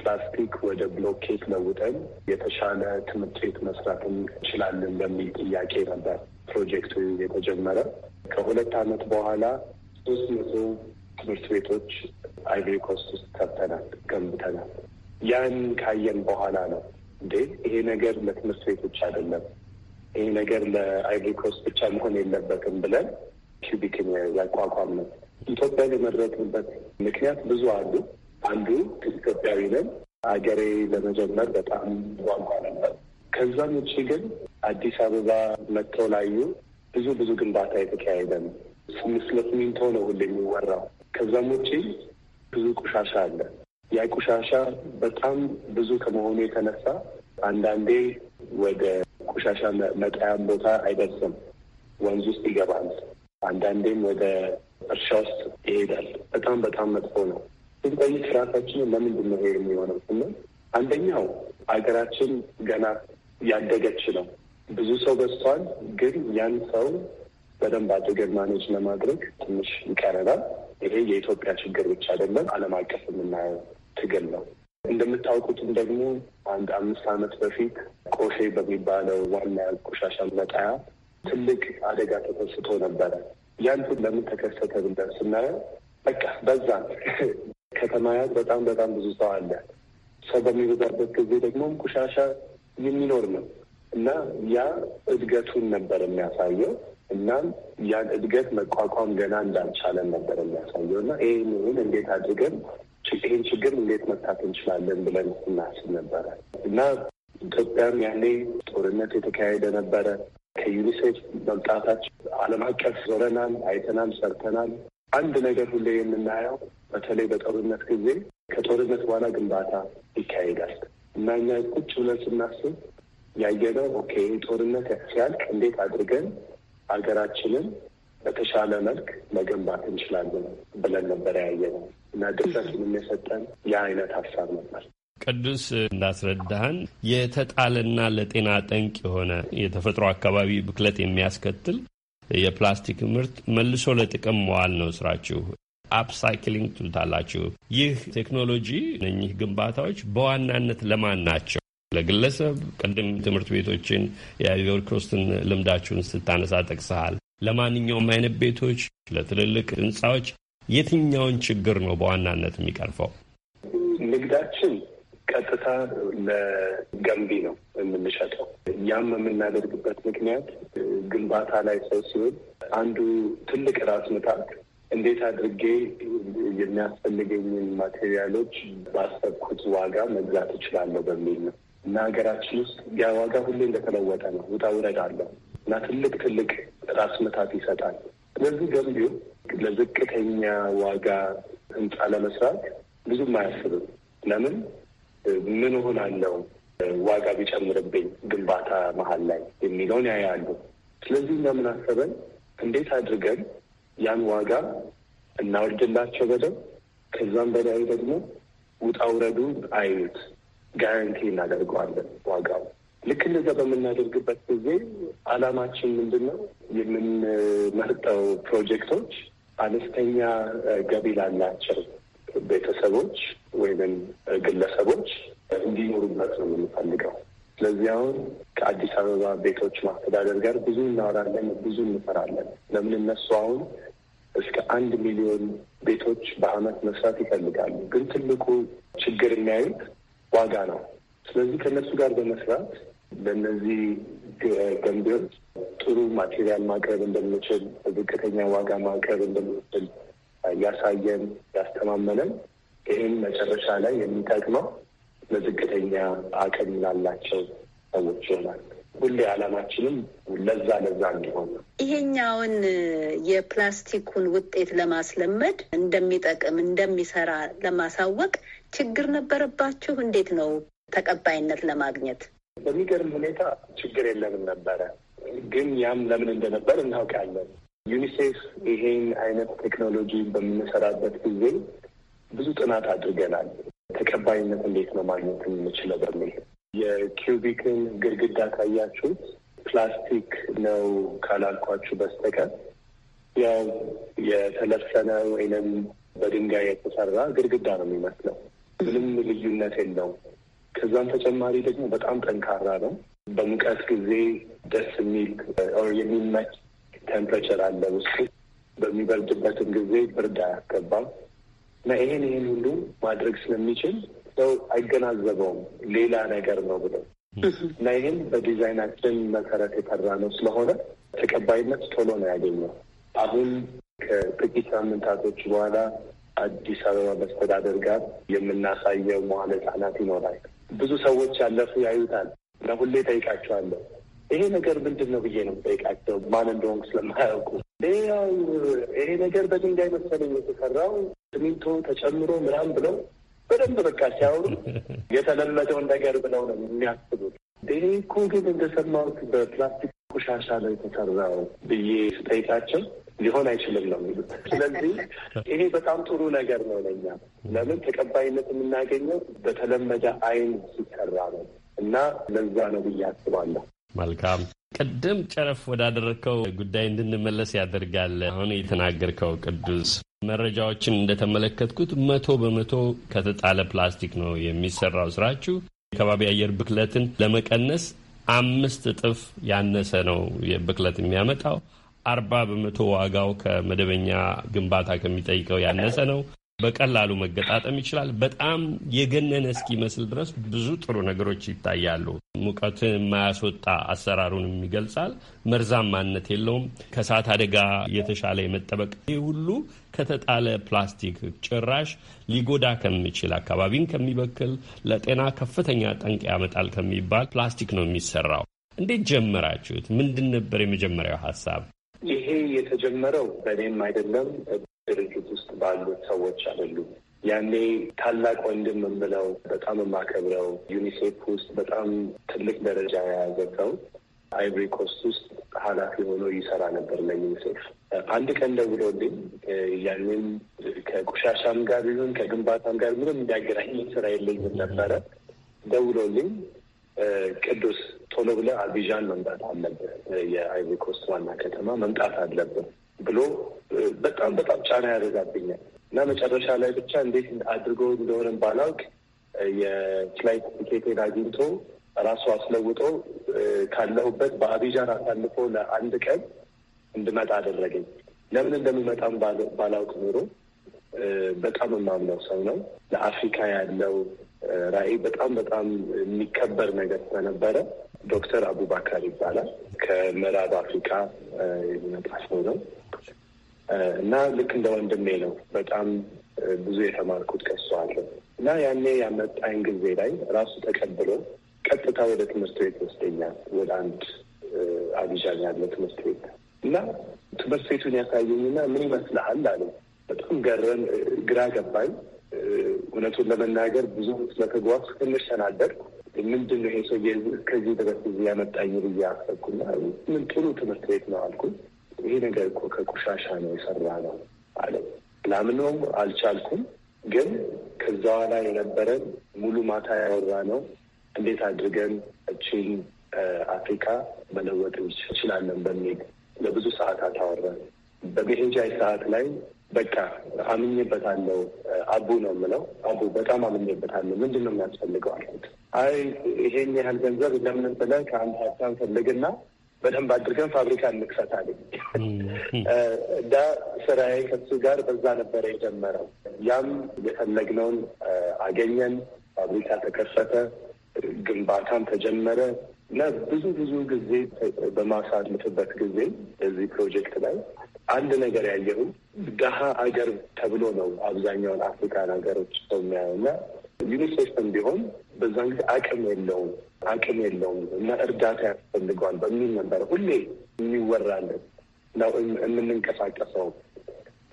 [SPEAKER 1] ፕላስቲክ ወደ ብሎኬት ለውጠን የተሻለ ትምህርት ቤት መስራት እንችላለን በሚል ጥያቄ ነበር ፕሮጀክቱ የተጀመረ። ከሁለት አመት በኋላ ሶስት መቶ ትምህርት ቤቶች አይቮሪ ኮስት ውስጥ ከብተናል ገንብተናል። ያን ካየን በኋላ ነው እንዴ ይሄ ነገር ለትምህርት ቤቶች አይደለም፣ ይሄ ነገር ለአይቮሪኮስት ብቻ መሆን የለበትም ብለን ኪቢክን ያቋቋም ኢትዮጵያን የመረጥንበት ምክንያት ብዙ አሉ። አንዱ ኢትዮጵያዊ ነን፣ አገሬ ለመጀመር በጣም ጓጓ ነበር። ከዛም ውጭ ግን አዲስ አበባ መጥተው ላዩ ብዙ ብዙ ግንባታ የተካሄደ ነው። ነው ሁሉ የሚወራው። ከዛም ውጭ ብዙ ቆሻሻ አለ። ያ ቆሻሻ በጣም ብዙ ከመሆኑ የተነሳ አንዳንዴ ወደ ቆሻሻ መጣያን ቦታ አይደርስም፣ ወንዝ ውስጥ ይገባል። አንዳንዴም ወደ እርሻ ውስጥ ይሄዳል። በጣም በጣም መጥፎ ነው። ስንጠይቅ ራሳችንን ለምንድን ነው ይሄ የሚሆነው ስንል አንደኛው ሀገራችን ገና ያደገች ነው። ብዙ ሰው በዝቷል፣ ግን ያን ሰው በደንብ አድርገን ማኔጅ ለማድረግ ትንሽ ይቀረናል። ይሄ የኢትዮጵያ ችግር ብቻ አይደለም፣ ዓለም አቀፍ የምናየው ትግል ነው። እንደምታውቁትም ደግሞ አንድ አምስት ዓመት በፊት ቆሼ በሚባለው ዋና ቆሻሻ መጣያ ትልቅ አደጋ ተከስቶ ነበረ። ያን ለምን ተከሰተ ብለን ስናየው በቃ በዛ ከተማያት በጣም በጣም ብዙ ሰው አለ። ሰው በሚበዛበት ጊዜ ደግሞ ቆሻሻ የሚኖር ነው እና ያ እድገቱን ነበር የሚያሳየው። እናም ያን እድገት መቋቋም ገና እንዳልቻለን ነበር የሚያሳየው እና ይህን እንዴት አድርገን ይህን ችግር እንዴት መፍታት እንችላለን ብለን እናስብ ነበረ እና ኢትዮጵያም ያኔ ጦርነት የተካሄደ ነበረ። ከዩኒሴፍ መምጣታችን ዓለም አቀፍ ዞረናል፣ አይተናል፣ ሰርተናል። አንድ ነገር ሁሌ የምናየው በተለይ በጦርነት ጊዜ ከጦርነት በኋላ ግንባታ ይካሄዳል እና እኛ ቁጭ ብለን ስናስብ ያየነው ኦኬ ጦርነት ሲያልቅ እንዴት አድርገን ሀገራችንን በተሻለ መልክ መገንባት እንችላለን ብለን ነበር ያየነው እና ድፍረቱን የሚሰጠን ያ አይነት ሀሳብ ነበር።
[SPEAKER 2] ቅዱስ እንዳስረዳህን የተጣለና ለጤና ጠንቅ የሆነ የተፈጥሮ አካባቢ ብክለት የሚያስከትል የፕላስቲክ ምርት መልሶ ለጥቅም መዋል ነው ስራችሁ። አፕሳይክሊንግ ትሉታላችሁ። ይህ ቴክኖሎጂ እነኚህ ግንባታዎች በዋናነት ለማን ናቸው? ለግለሰብ ቅድም ትምህርት ቤቶችን የዮርክ ልምዳችሁን ስታነሳ ጠቅሰሃል። ለማንኛውም አይነት ቤቶች፣ ለትልልቅ ህንፃዎች የትኛውን ችግር ነው በዋናነት የሚቀርፈው?
[SPEAKER 1] ንግዳችን ቀጥታ ለገንቢ ነው የምንሸጠው። ያም የምናደርግበት ምክንያት ግንባታ ላይ ሰው ሲሆን አንዱ ትልቅ ራስ ምታት እንዴት አድርጌ የሚያስፈልገኝን ማቴሪያሎች ባሰብኩት ዋጋ መግዛት እችላለሁ በሚል ነው እና ሀገራችን ውስጥ ያ ዋጋ ሁሌ እንደተለወጠ ነው፣ ውጣ ውረድ አለው እና ትልቅ ትልቅ ራስ ምታት ይሰጣል። ስለዚህ ገንቢው ለዝቅተኛ ዋጋ ህንፃ ለመስራት ብዙም አያስብም። ለምን ምን አለው ዋጋ ቢጨምርብኝ ግንባታ መሀል ላይ የሚለውን ያያሉ። ስለዚህ ለምን አሰበን እንዴት አድርገን ያን ዋጋ እናወርድላቸው በደንብ ከዛም በላይ ደግሞ ውጣውረዱ ውረዱን አይዩት፣ ጋራንቲ እናደርገዋለን ዋጋው ልክ እንደዛ በምናደርግበት ጊዜ አላማችን ምንድን ነው? የምንመርጠው ፕሮጀክቶች አነስተኛ ገቢ ላላቸው ቤተሰቦች ወይም ግለሰቦች እንዲኖሩበት ነው የምንፈልገው። ስለዚህ አሁን ከአዲስ አበባ ቤቶች ማስተዳደር ጋር ብዙ እናወራለን፣ ብዙ እንሰራለን። ለምን እነሱ አሁን እስከ አንድ ሚሊዮን ቤቶች በአመት መስራት ይፈልጋሉ። ግን ትልቁ ችግር የሚያዩት ዋጋ ነው። ስለዚህ ከእነሱ ጋር በመስራት በነዚህ ገንቢዎች ጥሩ ማቴሪያል ማቅረብ እንደምችል በዝቅተኛ ዋጋ ማቅረብ እንደምችል ያሳየን ያስተማመነን ይህም መጨረሻ ላይ የሚጠቅመው ለዝቅተኛ አቅም ላላቸው ሰዎች ይሆናል። ሁሌ ዓላማችንም ለዛ ለዛ እንዲሆን ነው።
[SPEAKER 3] ይሄኛውን የፕላስቲኩን ውጤት ለማስለመድ እንደሚጠቅም እንደሚሰራ ለማሳወቅ ችግር ነበረባችሁ? እንዴት ነው ተቀባይነት ለማግኘት
[SPEAKER 1] በሚገርም ሁኔታ ችግር የለንም ነበረ። ግን ያም ለምን እንደነበር እናውቃለን። ዩኒሴፍ ይሄን አይነት ቴክኖሎጂ በምንሰራበት ጊዜ ብዙ ጥናት አድርገናል። ተቀባይነት እንዴት ነው ማግኘት የምንችለው በሚል የኪዩቢክን ግድግዳ ካያችሁት ፕላስቲክ ነው ካላልኳችሁ በስተቀር ያው የተለሰነ ወይንም በድንጋይ የተሰራ ግድግዳ ነው የሚመስለው። ምንም ልዩነት የለውም። ከዛም ተጨማሪ ደግሞ በጣም ጠንካራ ነው። በሙቀት ጊዜ ደስ የሚል የሚመች ቴምፕሬቸር አለ ውስጥ። በሚበርድበትም ጊዜ ብርድ አያስገባም እና ይሄን ይሄን ሁሉ ማድረግ ስለሚችል ሰው አይገናዘበውም ሌላ ነገር ነው ብለው እና ይህን በዲዛይናችን መሰረት የጠራ ነው ስለሆነ ተቀባይነት ቶሎ ነው ያገኘው። አሁን ከጥቂት ሳምንታቶች በኋላ አዲስ አበባ መስተዳደር ጋር የምናሳየው መዋለ ህጻናት ይኖራል። ብዙ ሰዎች ያለፉ ያዩታል እና ሁሌ ጠይቃቸዋለሁ ይሄ ነገር ምንድን ነው ብዬ ነው ጠይቃቸው። ማን እንደሆንኩ ስለማያውቁ ይሄ ነገር በድንጋይ መሰለኝ የተሰራው ሲሚንቶ ተጨምሮ ምናምን ብለው በደንብ በቃ ሲያወሩ የተለመደውን ነገር ብለው ነው የሚያስቡት። ይሄ እኮ ግን እንደሰማሁት በፕላስቲክ ቆሻሻ ነው የተሰራው ብዬ ስጠይቃቸው ሊሆን አይችልም ነው የሚሉት። ስለዚህ ይሄ በጣም ጥሩ ነገር ነው ለኛ። ለምን ተቀባይነት የምናገኘው በተለመደ አይን ሲሰራ ነው እና ለዛ ነው ብዬ አስባለሁ።
[SPEAKER 2] መልካም ቅድም ጨረፍ ወዳደረግከው ጉዳይ እንድንመለስ ያደርጋል። አሁን የተናገርከው ቅዱስ መረጃዎችን እንደተመለከትኩት መቶ በመቶ ከተጣለ ፕላስቲክ ነው የሚሰራው ስራችሁ የከባቢ አየር ብክለትን ለመቀነስ አምስት እጥፍ ያነሰ ነው ብክለት የሚያመጣው አርባ በመቶ ዋጋው ከመደበኛ ግንባታ ከሚጠይቀው ያነሰ ነው። በቀላሉ መገጣጠም ይችላል። በጣም የገነነ እስኪመስል ድረስ ብዙ ጥሩ ነገሮች ይታያሉ። ሙቀትን የማያስወጣ አሰራሩንም ይገልጻል። መርዛማነት የለውም። ከእሳት አደጋ የተሻለ የመጠበቅ ይህ ሁሉ ከተጣለ ፕላስቲክ ጭራሽ ሊጎዳ ከሚችል አካባቢን ከሚበክል ለጤና ከፍተኛ ጠንቅ ያመጣል ከሚባል ፕላስቲክ ነው የሚሰራው። እንዴት ጀመራችሁት? ምንድን ነበር የመጀመሪያው ሀሳብ?
[SPEAKER 1] ይሄ የተጀመረው በእኔም አይደለም፣ ድርጅት ውስጥ ባሉት ሰዎች አይደሉም። ያኔ ታላቅ ወንድም የምለው በጣም የማከብረው ዩኒሴፍ ውስጥ በጣም ትልቅ ደረጃ የያዘ ሰው አይቮሪ ኮስት ውስጥ ኃላፊ ሆኖ ይሰራ ነበር ለዩኒሴፍ። አንድ ቀን ደውሎልኝ ያኔም ከቆሻሻም ጋር ቢሆን ከግንባታም ጋር ምንም የሚያገናኝ ስራ የለኝም ነበረ። ደውሎልኝ ቅዱስ ቶሎ ብለ አቢዣን መምጣት አለብህ፣ የአይቮሪ ኮስት ዋና ከተማ መምጣት አለብህ ብሎ በጣም በጣም ጫና ያደርጋብኛል እና መጨረሻ ላይ ብቻ እንዴት አድርጎ እንደሆነም ባላውቅ የፍላይት ቲኬቴን አግኝቶ ራሱ አስለውጦ ካለሁበት በአቢዣን አሳልፎ ለአንድ ቀን እንድመጣ አደረገኝ። ለምን እንደምመጣም ባላውቅ ኑሮ? በጣም የማምነው ሰው ነው። ለአፍሪካ ያለው ራዕይ በጣም በጣም የሚከበር ነገር ስለነበረ ዶክተር አቡባካር ይባላል። ከምዕራብ አፍሪካ የሚመጣ ሰው ነው እና ልክ እንደ ወንድሜ ነው። በጣም ብዙ የተማርኩት ከሱ አለ እና ያኔ ያመጣኝ ጊዜ ላይ ራሱ ተቀብሎ ቀጥታ ወደ ትምህርት ቤት ወስደኛል። ወደ አንድ አቢጃን ያለ ትምህርት ቤት እና ትምህርት ቤቱን ያሳየኝና ምን ይመስልሃል አለ በጣም ገረም፣ ግራ ገባኝ። እውነቱን ለመናገር ብዙ ስለተጓዝ ትንሽ ተናደድኩ። ምንድን ነው ይሄ ሰውዬ ከዚህ ድረስ እዚህ ያመጣኝ ብዬ አሰብኩና ምን ጥሩ ትምህርት ቤት ነው አልኩኝ። ይሄ ነገር እኮ ከቆሻሻ ነው የሰራ ነው አለ። ላምነው አልቻልኩም። ግን ከዛ ኋላ የነበረን ሙሉ ማታ ያወራ ነው እንዴት አድርገን እችን አፍሪካ መለወጥ እንችላለን በሚል ለብዙ ሰዓታት አወራን። በመሄጃ ሰዓት ላይ በቃ አምኜበታለሁ። አቡ ነው የምለው። አቡ በጣም አምኜበታለሁ። ምንድን ነው የሚያስፈልገው አልኩት። አይ ይሄን ያህል ገንዘብ ለምን ብለህ ከአንድ ሀብታም ፈልግና በደንብ አድርገን ፋብሪካ እንክፈት አለኝ እና ስራዬ ከሱ ጋር በዛ ነበረ የጀመረው። ያም የፈለግነውን አገኘን። ፋብሪካ ተከፈተ፣ ግንባታም ተጀመረ እና ብዙ ብዙ ጊዜ በማሳልፍበት ጊዜ እዚህ ፕሮጀክት ላይ አንድ ነገር ያየሁም ድሀ አገር ተብሎ ነው አብዛኛውን አፍሪካን ሀገሮች ሰው የሚያየው እና ዩኒሴፍም ቢሆን በዛን ጊዜ አቅም የለውም አቅም የለውም እና እርዳታ ያስፈልገዋል በሚል ነበር ሁሌ የሚወራለን ነው የምንንቀሳቀሰው።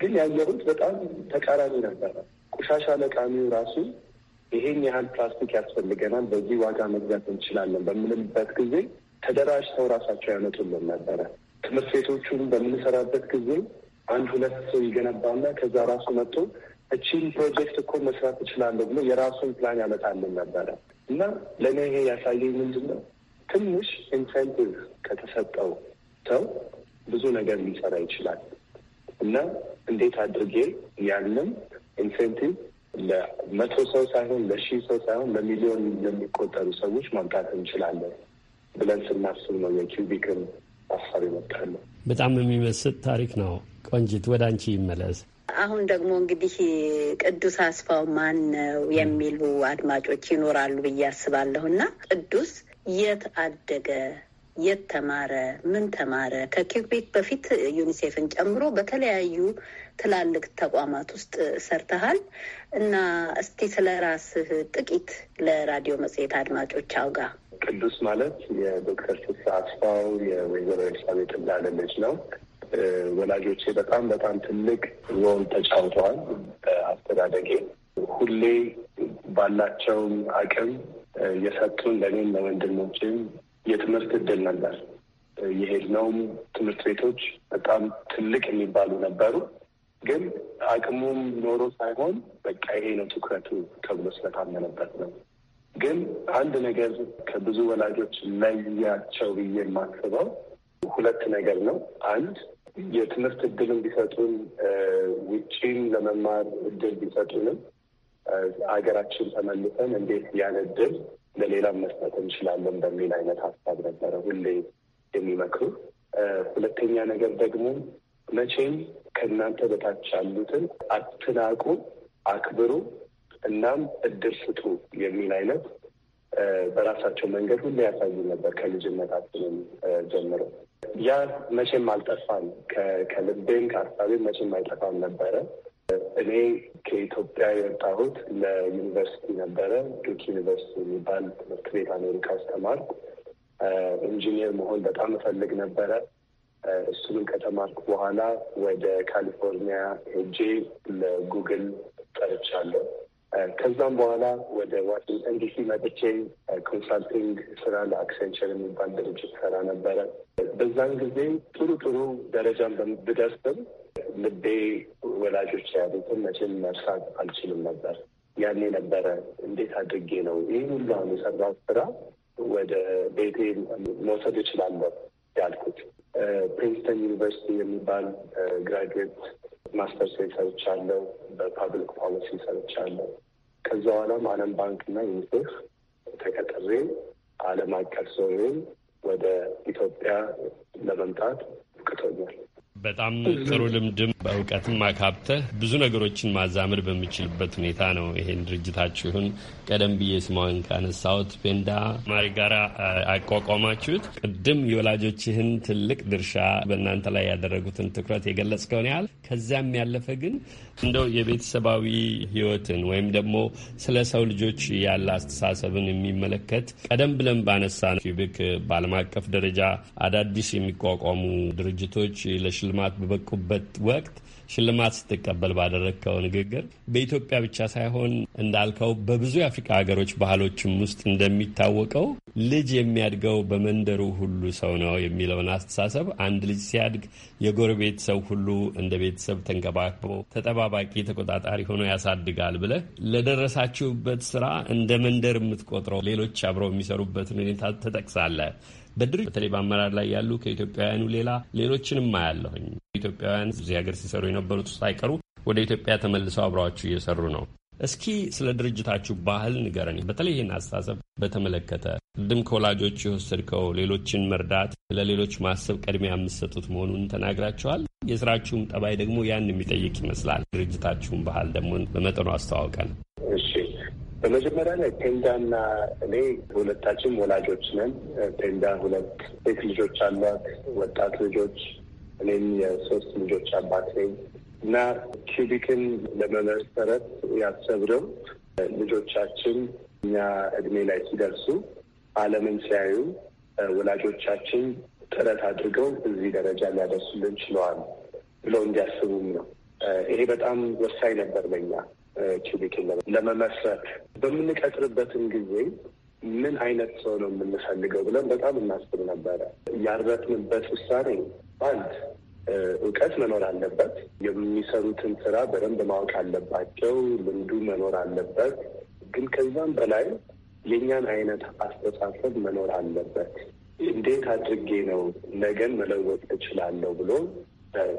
[SPEAKER 1] ግን ያየሁት በጣም ተቃራኒ ነበረ። ቆሻሻ ለቃሚው ራሱ ይሄን ያህል ፕላስቲክ ያስፈልገናል፣ በዚህ ዋጋ መግዛት እንችላለን በምንልበት ጊዜ ተደራጅተው ራሳቸው ያመጡልን ነበረ። ትምህርት ቤቶቹን በምንሰራበት ጊዜ አንድ ሁለት ሰው ይገነባና ከዛ ራሱ መጥቶ እቺን ፕሮጀክት እኮ መስራት እችላለሁ ብሎ የራሱን ፕላን ያመጣልን ነበረ እና ለእኔ ይሄ ያሳየኝ ምንድን ነው ትንሽ ኢንሴንቲቭ ከተሰጠው ሰው ብዙ ነገር ሊሰራ ይችላል እና እንዴት አድርጌ ያንን ኢንሴንቲቭ ለመቶ ሰው ሳይሆን ለሺህ ሰው ሳይሆን ለሚሊዮን ለሚቆጠሩ ሰዎች ማምጣት እንችላለን ብለን ስናስብ ነው የኪውቢክን ሀሳብ ይመጣለ።
[SPEAKER 2] በጣም የሚመስጥ ታሪክ ነው። ቆንጂት ወደ አንቺ ይመለስ።
[SPEAKER 3] አሁን ደግሞ እንግዲህ ቅዱስ አስፋው ማን ነው የሚሉ አድማጮች ይኖራሉ ብዬ አስባለሁ እና ቅዱስ የት አደገ? የት ተማረ? ምን ተማረ? ከኪውቤክ በፊት ዩኒሴፍን ጨምሮ በተለያዩ ትላልቅ ተቋማት ውስጥ ሰርተሃል እና እስቲ ስለ ራስህ ጥቂት ለራዲዮ መጽሔት አድማጮች አውጋ።
[SPEAKER 1] ቅዱስ ማለት የዶክተር ስሳ አስፋው የወይዘሮ ኤልሳቤጥ እንዳለ ልጅ ነው። ወላጆቼ በጣም በጣም ትልቅ ሮል ተጫውተዋል በአስተዳደጌ። ሁሌ ባላቸውም አቅም የሰጡን ለእኔም ለወንድሞችም የትምህርት እድል ነበር። የሄድነውም ትምህርት ቤቶች በጣም ትልቅ የሚባሉ ነበሩ። ግን አቅሙም ኖሮ ሳይሆን በቃ ይሄ ነው ትኩረቱ ተብሎ ስለታመነበት ነው ግን አንድ ነገር ከብዙ ወላጆች ለያቸው ብዬ የማስበው ሁለት ነገር ነው። አንድ የትምህርት እድልን ቢሰጡን ውጪም ለመማር እድል ቢሰጡንም አገራችን ተመልሰን እንዴት ያን እድል ለሌላም መስጠት እንችላለን በሚል አይነት ሀሳብ ነበረ ሁሌ የሚመክሩ። ሁለተኛ ነገር ደግሞ መቼም ከእናንተ በታች ያሉትን አትናቁ፣ አክብሩ እናም እድር ስጡ የሚል አይነት በራሳቸው መንገድ ሁሉ ያሳዩ ነበር ከልጅነታችንም ጀምሮ። ያ መቼም አልጠፋም፣ ከልቤም ከሀሳቤም መቼም አይጠፋም ነበረ። እኔ ከኢትዮጵያ የወጣሁት ለዩኒቨርሲቲ ነበረ። ዱክ ዩኒቨርሲቲ የሚባል ትምህርት ቤት አሜሪካ ውስጥ ኢንጂኒየር መሆን በጣም እፈልግ ነበረ። እሱንም ከተማርኩ በኋላ ወደ ካሊፎርኒያ ሄጄ ለጉግል ጠርቻለሁ። ከዛም በኋላ ወደ ዋሽንግተን ዲሲ መጥቼ ኮንሳልቲንግ ስራ ለአክሴንቸር የሚባል ድርጅት ሰራ ነበረ። በዛን ጊዜ ጥሩ ጥሩ ደረጃን ብደርስም ልቤ ወላጆች ያሉትን መቼም መርሳት አልችልም ነበር። ያኔ ነበረ እንዴት አድርጌ ነው ይህ ሁሉ አሁን የሰራሁት ስራ ወደ ቤቴ መውሰድ እችላለሁ ያልኩት። ፕሪንስተን ዩኒቨርሲቲ የሚባል ግራጁዌት ማስተርስ ሰርቻለሁ። በፓብሊክ ፖሊሲ ሰርቻለሁ። ከዛ በኋላም ዓለም ባንክና ዩኒሴፍ ተቀጥሬ ዓለም አቀፍ ዞሬን ወደ ኢትዮጵያ ለመምጣት ብቅቶኛል።
[SPEAKER 2] በጣም ጥሩ ልምድም በእውቀትም አካብተህ ብዙ ነገሮችን ማዛመድ በሚችልበት ሁኔታ ነው ይሄን ድርጅታችሁን ቀደም ብዬ ስማን ካነሳሁት ፔንዳ ማሪ ጋር አቋቋማችሁት። ቅድም የወላጆችህን ትልቅ ድርሻ በእናንተ ላይ ያደረጉትን ትኩረት የገለጽከውን ያህል ከዚያም ያለፈ ግን እንደው የቤተሰባዊ ህይወትን ወይም ደግሞ ስለ ሰው ልጆች ያለ አስተሳሰብን የሚመለከት ቀደም ብለን ባነሳ ነው ቢክ በዓለም አቀፍ ደረጃ አዳዲስ የሚቋቋሙ ድርጅቶች ለሽልማ ሽልማት በበቁበት ወቅት ሽልማት ስትቀበል ባደረግከው ንግግር በኢትዮጵያ ብቻ ሳይሆን እንዳልከው በብዙ የአፍሪካ ሀገሮች ባህሎችም ውስጥ እንደሚታወቀው ልጅ የሚያድገው በመንደሩ ሁሉ ሰው ነው የሚለውን አስተሳሰብ አንድ ልጅ ሲያድግ የጎረቤት ሰው ሁሉ እንደ ቤተሰብ ተንከባክቦ ተጠባባቂ፣ ተቆጣጣሪ ሆኖ ያሳድጋል ብለህ ለደረሳችሁበት ስራ እንደ መንደር የምትቆጥረው ሌሎች አብረው የሚሰሩበትን ሁኔታ ተጠቅሳለህ። በድርጅት በተለይ በአመራር ላይ ያሉ ከኢትዮጵያውያኑ ሌላ ሌሎችንም አያለሁኝ። ኢትዮጵያውያን እዚህ ሀገር ሲሰሩ የነበሩት ሳይቀሩ ወደ ኢትዮጵያ ተመልሰው አብረዋችሁ እየሰሩ ነው። እስኪ ስለ ድርጅታችሁ ባህል ንገረን። በተለይ ይህን አስተሳሰብ በተመለከተ ቅድም ከወላጆች የወሰድከው ሌሎችን መርዳት፣ ለሌሎች ማሰብ ቅድሚያ የምትሰጡት መሆኑን ተናግራችኋል። የስራችሁም ጠባይ ደግሞ ያን የሚጠይቅ ይመስላል። ድርጅታችሁን ባህል ደግሞ በመጠኑ አስተዋውቀን።
[SPEAKER 1] እሺ በመጀመሪያ ላይ ቴንዳና እኔ ሁለታችን ወላጆች ነን። ቴንዳ ሁለት ቤት ልጆች አሏት፣ ወጣት ልጆች። እኔም የሶስት ልጆች አባት ነኝ እና ኪቢክን ለመመሰረት ያሰብነው ልጆቻችን እኛ እድሜ ላይ ሲደርሱ ዓለምን ሲያዩ ወላጆቻችን ጥረት አድርገው እዚህ ደረጃ ሊያደርሱልን ችለዋል ብለው እንዲያስቡም ነው። ይሄ በጣም ወሳኝ ነበር ለኛ ችሊክን ለመመስረት በምንቀጥርበትም ጊዜ ምን አይነት ሰው ነው የምንፈልገው ብለን በጣም እናስብ ነበረ። ያረትንበት ውሳኔ አንድ እውቀት መኖር አለበት። የሚሰሩትን ስራ በደንብ ማወቅ አለባቸው። ልምዱ መኖር አለበት። ግን ከዛም በላይ የእኛን አይነት አስተሳሰብ መኖር አለበት። እንዴት አድርጌ ነው ነገን መለወጥ እችላለሁ ብሎ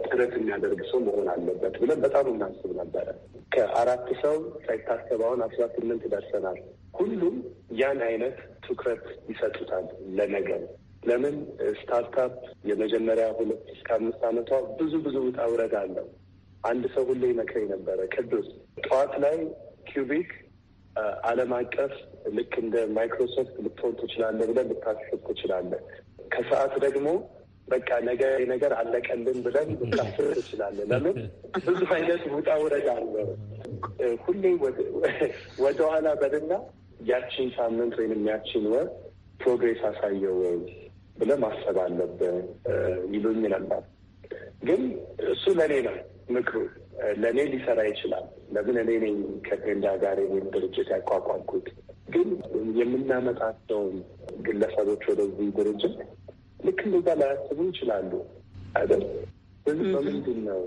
[SPEAKER 1] ጥረት የሚያደርግ ሰው መሆን አለበት ብለን በጣም እናስብ ነበረ። ከአራት ሰው ሳይታሰብ አሁን አስራ ስምንት ደርሰናል። ሁሉም ያን አይነት ትኩረት ይሰጡታል ለነገር ለምን ስታርታፕ የመጀመሪያ ሁለት እስከ አምስት ዓመቷ ብዙ ብዙ ውጣ ውረድ አለው። አንድ ሰው ሁሌ ይመክረኝ ነበረ፣ ቅዱስ ጠዋት ላይ ኪዩቢክ ዓለም አቀፍ ልክ እንደ ማይክሮሶፍት ልትሆን ትችላለህ ብለህ ልታስብ ትችላለህ። ከሰዓት ደግሞ በቃ ነገ ነገር አለቀልን ብለን ልታስብ ትችላለን። ለምን ብዙ አይነት ውጣ ውረድ አለ። ሁሌ ወደኋላ በልና ያቺን ሳምንት ወይም ያቺን ወር ፕሮግሬስ አሳየው ወይ ብለህ ማሰብ አለብህ ይሉኝ ነበር። ግን እሱ ለእኔ ነው ምክሩ ለእኔ ሊሰራ ይችላል። ለምን እኔ ነኝ ከቴንዳ ጋር ወይም ድርጅት ያቋቋምኩት። ግን የምናመጣቸውን ግለሰቦች ወደዚህ ድርጅት ልክ እንደዛ ላያስቡ ይችላሉ አይደል? ስለዚህ በምንድን ነው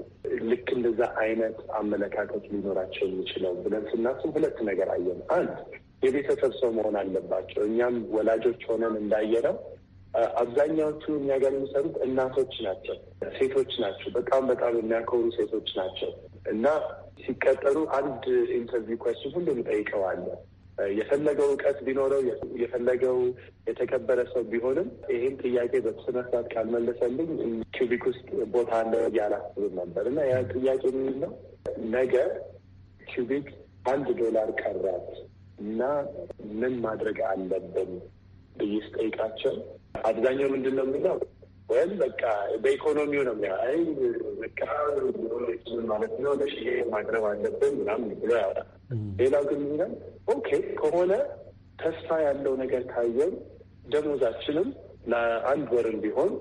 [SPEAKER 1] ልክ እንደዛ አይነት አመለካከት ሊኖራቸው የሚችለው ብለን ስናስብ ሁለት ነገር አየን። አንድ የቤተሰብ ሰው መሆን አለባቸው። እኛም ወላጆች ሆነን እንዳየነው አብዛኛዎቹ እኛ ጋር የሚሰሩት እናቶች ናቸው፣ ሴቶች ናቸው። በጣም በጣም የሚያከብሩ ሴቶች ናቸው እና ሲቀጠሩ አንድ ኢንተርቪው ኮስችን ሁሉ እንጠይቀዋለን የፈለገው እውቀት ቢኖረው የፈለገው የተከበረ ሰው ቢሆንም ይህን ጥያቄ በስነ ስርዓት ካልመለሰልኝ ኪቢክ ውስጥ ቦታ አለ እያላስብም ነበር እና ያ ጥያቄ ነው። ነገ ኪቢክ አንድ ዶላር ቀራት እና ምን ማድረግ አለብን ብዬ ስጠይቃቸው አብዛኛው ምንድን ነው የሚለው ወይም በቃ በኢኮኖሚው ነው በቃ ማለት ነው ለሽ ማቅረብ አለብን ምናምን ብሎ ያወራል። ሌላው ግን ሚለን ኦኬ ከሆነ ተስፋ ያለው ነገር ካየን ደሞዛችንም ለአንድ ወርም ቢሆን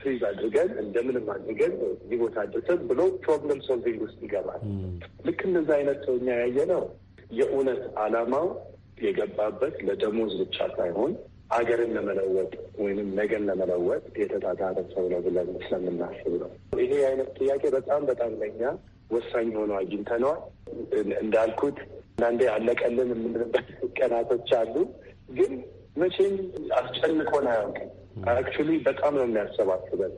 [SPEAKER 1] ፍሪዝ አድርገን እንደምንም አድርገን እዚህ ቦታ አድርሰን ብሎ ፕሮብለም ሶልቪንግ ውስጥ ይገባል። ልክ እንደዛ አይነት ሰው እኛ ያየ ነው የእውነት አላማው የገባበት ለደሞዝ ብቻ ሳይሆን ሀገርን ለመለወጥ ወይንም ነገን ለመለወጥ የተጣጣረ ሰው ነው ብለን ስለምናስብ ነው። ይሄ አይነት ጥያቄ በጣም በጣም ለኛ ወሳኝ ሆኖ አግኝተነዋል። እንዳልኩት አንዳንዴ አለቀልን የምንልበት ቀናቶች አሉ፣ ግን መቼም አስጨንቆን አያውቅም። አክቹሊ በጣም ነው የሚያሰባስበን።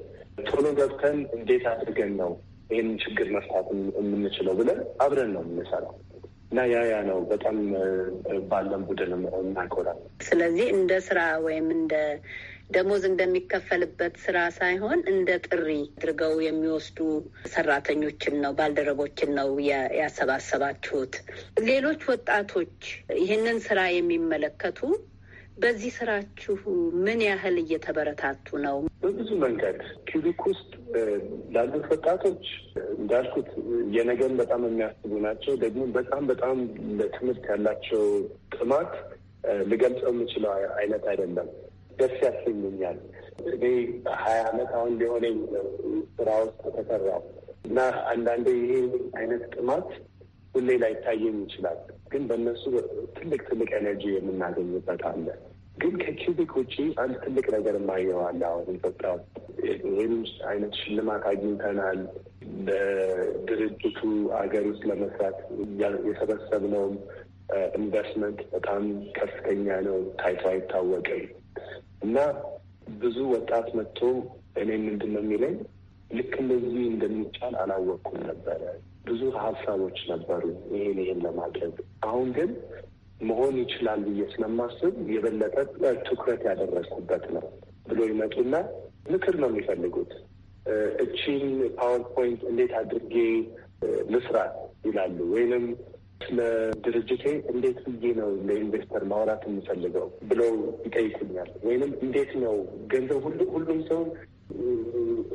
[SPEAKER 1] ቶሎ ገብተን እንዴት አድርገን ነው ይህንን ችግር መፍታት የምንችለው ብለን አብረን ነው የምንሰራው። እና ያ ያ ነው በጣም ባለን ቡድን እናቆራል።
[SPEAKER 3] ስለዚህ እንደ ስራ ወይም እንደ ደሞዝ እንደሚከፈልበት ስራ ሳይሆን እንደ ጥሪ አድርገው የሚወስዱ ሰራተኞችን ነው ባልደረቦችን ነው ያሰባሰባችሁት። ሌሎች ወጣቶች ይህንን ስራ የሚመለከቱ በዚህ ስራችሁ ምን ያህል እየተበረታቱ ነው?
[SPEAKER 1] በብዙ መንገድ ኪዩቢክ ውስጥ ላሉት ወጣቶች እንዳልኩት የነገን በጣም የሚያስቡ ናቸው። ደግሞ በጣም በጣም ለትምህርት ያላቸው ጥማት ልገልጸው የምችለው አይነት አይደለም። ደስ ያሰኘኛል። እኔ ሀያ አመት አሁን ሊሆነኝ ስራ ውስጥ ተሰራው እና አንዳንዴ ይሄ አይነት ጥማት ሁሌ ላይታየን ይችላል፣ ግን በእነሱ ትልቅ ትልቅ ኤነርጂ የምናገኝበት አለ። ግን ከኪውቢክ ውጪ አንድ ትልቅ ነገር የማየዋለ አሁን ኢትዮጵያ ይህም አይነት ሽልማት አግኝተናል። በድርጅቱ አገር ውስጥ ለመስራት የሰበሰብነውም ኢንቨስትመንት በጣም ከፍተኛ ነው፣ ታይቶ አይታወቅም እና ብዙ ወጣት መጥቶ እኔ ምንድን ነው የሚለኝ ልክ እንደዚህ እንደሚቻል አላወቅኩም ነበረ ብዙ ሀሳቦች ነበሩ ይሄን ይሄን ለማድረግ አሁን ግን መሆን ይችላል ብዬ ስለማስብ የበለጠ ትኩረት ያደረግኩበት ነው ብሎ ይመጡና ምክር ነው የሚፈልጉት። እቺን ፓወርፖይንት እንዴት አድርጌ ልስራት ይላሉ ወይንም ስለ ድርጅቴ እንዴት ብዬ ነው ለኢንቨስተር ማውራት የምፈልገው ብለው ይጠይቁኛል። ወይንም እንዴት ነው ገንዘብ ሁሉ ሁሉም ሰው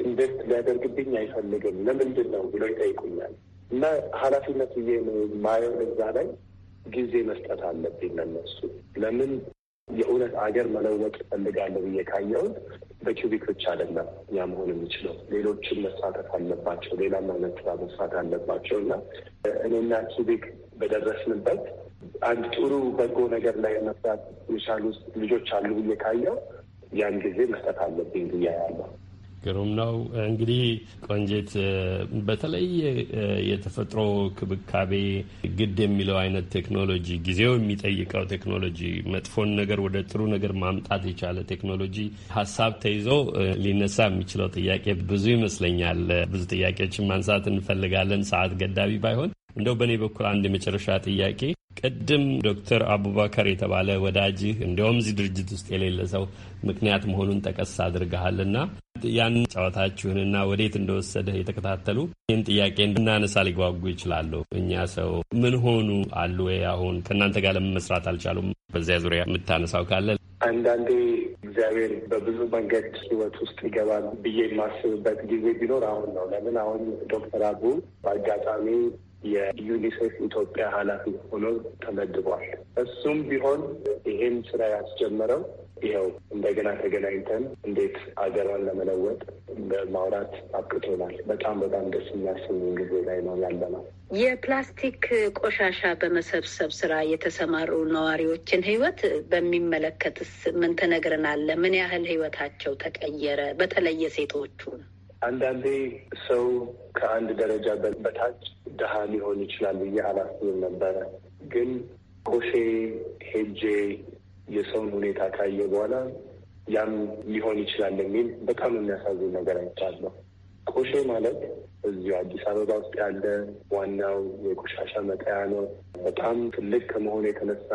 [SPEAKER 1] ኢንቨስት ሊያደርግብኝ አይፈልግም ለምንድን ነው ብለው ይጠይቁኛል። እና ኃላፊነት ብዬ ማየው እዛ ላይ ጊዜ መስጠት አለብኝ ለነሱ። ለምን የእውነት አገር መለወጥ እፈልጋለሁ ብዬ ካየሁት በኪውቢክ ብቻ አይደለም ያ መሆን የሚችለው ሌሎችን መሳተፍ አለባቸው። ሌላም አይነት ስራ መስራት አለባቸው እና እኔና ኪቢክ በደረስንበት አንድ ጥሩ በጎ ነገር ላይ መስራት የቻሉ ልጆች አሉ ብዬ ካየው ያን ጊዜ መስጠት አለብኝ ብዬ ያለው
[SPEAKER 2] ግሩም ነው እንግዲህ ቆንጂት፣ በተለይ የተፈጥሮ ክብካቤ ግድ የሚለው አይነት ቴክኖሎጂ፣ ጊዜው የሚጠይቀው ቴክኖሎጂ፣ መጥፎን ነገር ወደ ጥሩ ነገር ማምጣት የቻለ ቴክኖሎጂ ሀሳብ ተይዞ ሊነሳ የሚችለው ጥያቄ ብዙ ይመስለኛል። ብዙ ጥያቄዎችን ማንሳት እንፈልጋለን ሰዓት ገዳቢ ባይሆን እንደው በእኔ በኩል አንድ የመጨረሻ ጥያቄ ቅድም ዶክተር አቡባከር የተባለ ወዳጅህ እንዲያውም እዚህ ድርጅት ውስጥ የሌለ ሰው ምክንያት መሆኑን ጠቀስ አድርገሃልና ያን ጨዋታችሁንና ወዴት እንደወሰደ የተከታተሉ ይህን ጥያቄ እናነሳ ሊጓጉ ይችላሉ። እኛ ሰው ምን ሆኑ አሉ ወይ አሁን ከእናንተ ጋር ለምን መስራት አልቻሉም? በዚያ ዙሪያ የምታነሳው ካለ
[SPEAKER 1] አንዳንዴ እግዚአብሔር በብዙ መንገድ ህይወት ውስጥ ይገባል ብዬ የማስብበት ጊዜ ቢኖር አሁን ነው። ለምን አሁን ዶክተር አቡ በአጋጣሚ የዩኒሴፍ ኢትዮጵያ ኃላፊ ሆኖ ተመድቧል። እሱም ቢሆን ይህን ስራ ያስጀመረው ይኸው እንደገና ተገናኝተን እንዴት አገሯን ለመለወጥ በማውራት አቅቶናል። በጣም በጣም ደስ የሚያሰኝ ጊዜ ላይ ነው ያለ ነው።
[SPEAKER 3] የፕላስቲክ ቆሻሻ በመሰብሰብ ስራ የተሰማሩ ነዋሪዎችን ህይወት በሚመለከትስ ምን ትነግረናለህ? ምን ያህል ህይወታቸው ተቀየረ? በተለየ ሴቶቹን
[SPEAKER 1] አንዳንዴ ሰው ከአንድ ደረጃ በታች ድሀ ሊሆን ይችላል ብዬ አላስብም ነበረ። ግን ኮሼ ሄጄ የሰውን ሁኔታ ካየ በኋላ ያም ሊሆን ይችላል የሚል በጣም የሚያሳዝን ነገር አይቻለሁ። ኮሼ ማለት እዚሁ አዲስ አበባ ውስጥ ያለ ዋናው የቆሻሻ መጣያ ነው። በጣም ትልቅ ከመሆኑ የተነሳ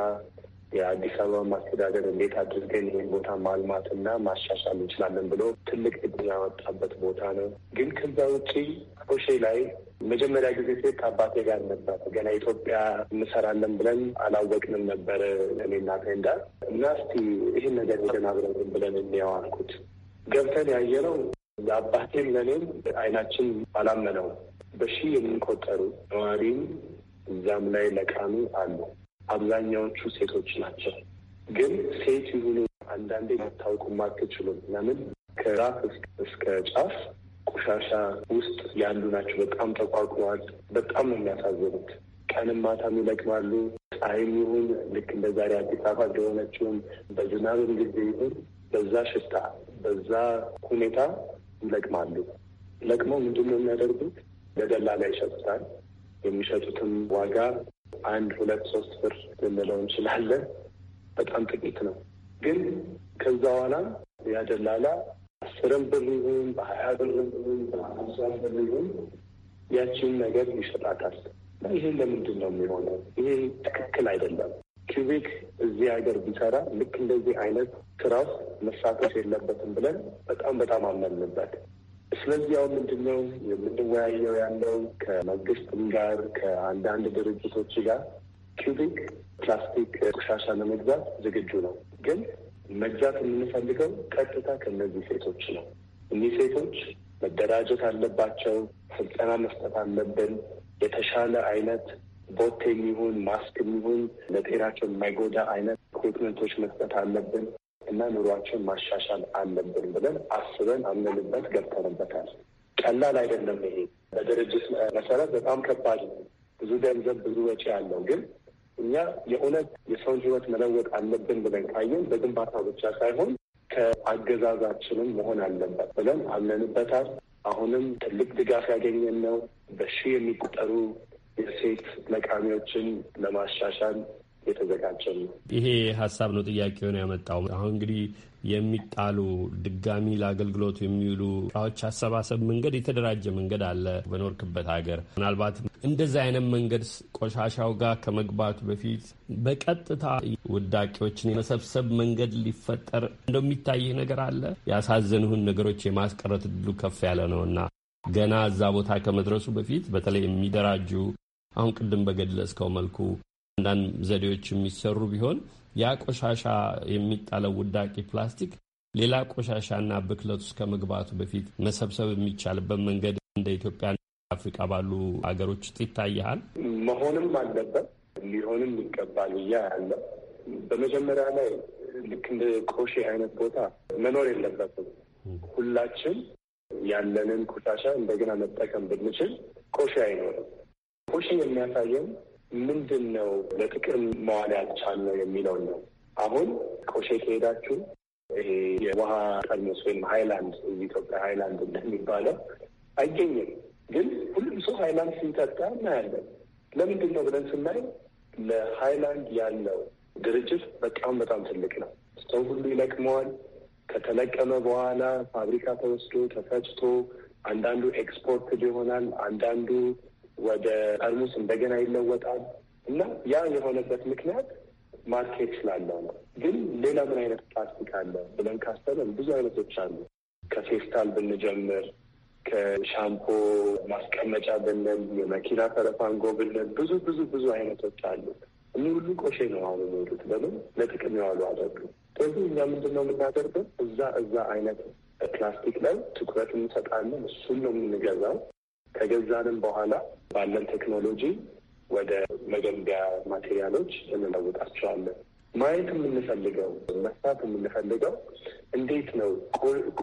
[SPEAKER 1] የአዲስ አበባ ማስተዳደር እንዴት አድርገን ይህን ቦታ ማልማትና ማሻሻል እንችላለን ብሎ ትልቅ እቅድ ያወጣበት ቦታ ነው። ግን ከዛ ውጪ ሆሼ ላይ መጀመሪያ ጊዜ ሴት አባቴ ጋር ነበር። ገና ኢትዮጵያ እንሰራለን ብለን አላወቅንም ነበረ እኔና ቴንዳ እና እስቲ ይህን ነገር ሄደን አብረን ብለን እንየው አልኩት። ገብተን ያየነው ለአባቴም ለእኔም አይናችን አላመነው። በሺ የምንቆጠሩ ነዋሪም እዛም ላይ ለቃሚ አሉ። አብዛኛዎቹ ሴቶች ናቸው። ግን ሴት ይሁኑ አንዳንዴ ልታውቁም አትችሉም። ለምን ከራፍ እስከ ጫፍ ቆሻሻ ውስጥ ያሉ ናቸው። በጣም ተቋቁመዋል። በጣም ነው የሚያሳዝኑት። ቀንም ማታም ይለቅማሉ። ፀሐይም ይሁን ልክ እንደ ዛሬ አዲስ አበባ እንደሆነችውም በዝናብም ጊዜ ይሁን በዛ ሽታ በዛ ሁኔታ ይለቅማሉ። ለቅመው ምንድን ነው የሚያደርጉት? ለደላላ ይሸጡታል። የሚሸጡትም ዋጋ አንድ ሁለት ሶስት ብር ልንለው እንችላለን። በጣም ጥቂት ነው። ግን ከዛ በኋላ ያደላላ አስርም ብር ይሁን በሀያ ብር ይሁን በአምሳ ብር ይሁን ያችን ነገር ይሸጣታል። ይሄ ለምንድን ነው የሚሆነው? ይሄ ትክክል አይደለም። ኪውቤክ እዚህ ሀገር ቢሰራ ልክ እንደዚህ አይነት ስራ ውስጥ መሳተፍ የለበትም ብለን በጣም በጣም አመንንበት። ስለዚህ አሁን ምንድን ነው የምንወያየው ያለው ከመንግስትም ጋር ከአንዳንድ ድርጅቶች ጋር ኪዩቢክ ፕላስቲክ ቆሻሻ ለመግዛት ዝግጁ ነው፣ ግን መግዛት የምንፈልገው ቀጥታ ከእነዚህ ሴቶች ነው። እኒህ ሴቶች መደራጀት አለባቸው። ስልጠና መስጠት አለብን። የተሻለ አይነት ቦቴ የሚሆን ማስክ የሚሆን ለጤናቸው የማይጎዳ አይነት ኢኩይፕመንቶች መስጠት አለብን። እና ኑሯችን ማሻሻል አለብን ብለን አስበን አምነንበት ገብተንበታል። ቀላል አይደለም። ይሄ በድርጅት መሰረት በጣም ከባድ ነው። ብዙ ገንዘብ፣ ብዙ ወጪ ያለው ግን እኛ የእውነት የሰውን ህይወት መለወጥ አለብን ብለን ካየን በግንባታ ብቻ ሳይሆን ከአገዛዛችንም መሆን አለበት ብለን አምነንበታል። አሁንም ትልቅ ድጋፍ ያገኘን ነው። በሺህ የሚቆጠሩ የሴት ለቃሚዎችን ለማሻሻል የተዘጋጀ ነው።
[SPEAKER 2] ይሄ ሀሳብ ነው ጥያቄውን ያመጣው። አሁን እንግዲህ የሚጣሉ ድጋሚ ለአገልግሎት የሚውሉ እቃዎች አሰባሰብ መንገድ የተደራጀ መንገድ አለ በኖርክበት ሀገር። ምናልባት እንደዚህ አይነት መንገድ ቆሻሻው ጋር ከመግባቱ በፊት በቀጥታ ውዳቂዎችን የመሰብሰብ መንገድ ሊፈጠር እንደሚታይህ ነገር አለ። ያሳዘንሁን ነገሮች የማስቀረት እድሉ ከፍ ያለ ነውና ገና እዛ ቦታ ከመድረሱ በፊት በተለይ የሚደራጁ አሁን ቅድም በገለጽከው መልኩ አንዳንድ ዘዴዎች የሚሰሩ ቢሆን ያ ቆሻሻ የሚጣለው ውዳቂ ፕላስቲክ ሌላ ቆሻሻና ብክለት ውስጥ ከመግባቱ በፊት መሰብሰብ የሚቻልበት መንገድ እንደ ኢትዮጵያ፣ አፍሪካ ባሉ ሀገሮች ውስጥ ይታያል።
[SPEAKER 1] መሆንም አለበት ሊሆንም ይገባል ብዬ ያለ በመጀመሪያ ላይ ልክ እንደ ቆሼ አይነት ቦታ መኖር የለበትም። ሁላችን ያለንን ቆሻሻ እንደገና መጠቀም ብንችል ቆሼ አይኖርም። ቆሼ የሚያሳየን ምንድን ነው ለጥቅም መዋል ነው የሚለውን ነው። አሁን ቆሼ ከሄዳችሁ ይሄ የውሃ ጠርሙስ ወይም ሀይላንድ ኢትዮጵያ ሀይላንድ እንደሚባለው አይገኝም። ግን ሁሉም ሰው ሀይላንድ ሲጠጣ እናያለን። ለምንድን ነው ብለን ስናይ ለሀይላንድ ያለው ድርጅት በጣም በጣም ትልቅ ነው። ሰው ሁሉ ይለቅመዋል። ከተለቀመ በኋላ ፋብሪካ ተወስዶ ተፈጭቶ አንዳንዱ ኤክስፖርት ይሆናል። አንዳንዱ ወደ ጠርሙስ እንደገና ይለወጣል እና ያ የሆነበት ምክንያት ማርኬት ስላለው ነው። ግን ሌላ ምን አይነት ፕላስቲክ አለ ብለን ካሰብን ብዙ አይነቶች አሉ። ከፌስታል ብንጀምር፣ ከሻምፖ ማስቀመጫ ብንል፣ የመኪና ፈረፋንጎ ብንል ብዙ ብዙ ብዙ አይነቶች አሉ። እኒህ ሁሉ ቆሼ ነው አሁን የሚሄዱት። ለምን ለጥቅም የዋሉ አደሉ። ስለዚህ እኛ ምንድን ነው የምናደርገው? እዛ እዛ አይነት ፕላስቲክ ላይ ትኩረት እንሰጣለን። እሱን ነው የምንገዛው። ከገዛንም በኋላ ባለን ቴክኖሎጂ ወደ መገንቢያ ማቴሪያሎች እንለውጣቸዋለን። ማየት የምንፈልገው መስራት የምንፈልገው እንዴት ነው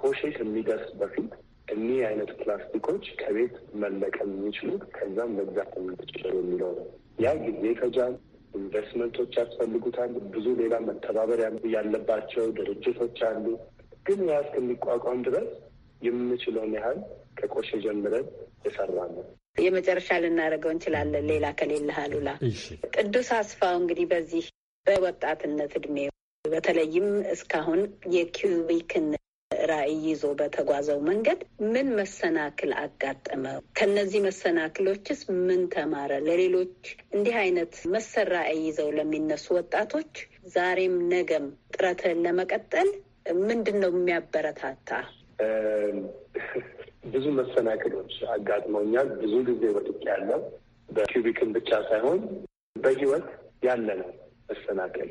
[SPEAKER 1] ቆሼት የሚደርስ በፊት እኒህ አይነት ፕላስቲኮች ከቤት መለቀም የሚችሉት ከዛም መግዛት የምንችለው የሚለው ነው። ያ ጊዜ ፈጃል። ኢንቨስትመንቶች ያስፈልጉታል። ብዙ ሌላ መተባበር ያለባቸው ድርጅቶች አሉ። ግን ያ እስከሚቋቋም ድረስ የምንችለውን ያህል ከቆሼ ጀምረን የሰራ ነው።
[SPEAKER 3] የመጨረሻ ልናደርገው እንችላለን። ሌላ ከሌለ አሉላ ቅዱስ አስፋው እንግዲህ በዚህ በወጣትነት እድሜ በተለይም እስካሁን የኪዩቢክን ራዕይ ይዞ በተጓዘው መንገድ ምን መሰናክል አጋጠመው? ከነዚህ መሰናክሎችስ ምን ተማረ? ለሌሎች እንዲህ አይነት መሰል ራዕይ ይዘው ለሚነሱ ወጣቶች ዛሬም ነገም ጥረትን ለመቀጠል ምንድን ነው የሚያበረታታ?
[SPEAKER 1] ብዙ መሰናክሎች አጋጥመውኛል። ብዙ ጊዜ ያለው በኪቢክን ብቻ ሳይሆን በህይወት ያለ ነው መሰናከል።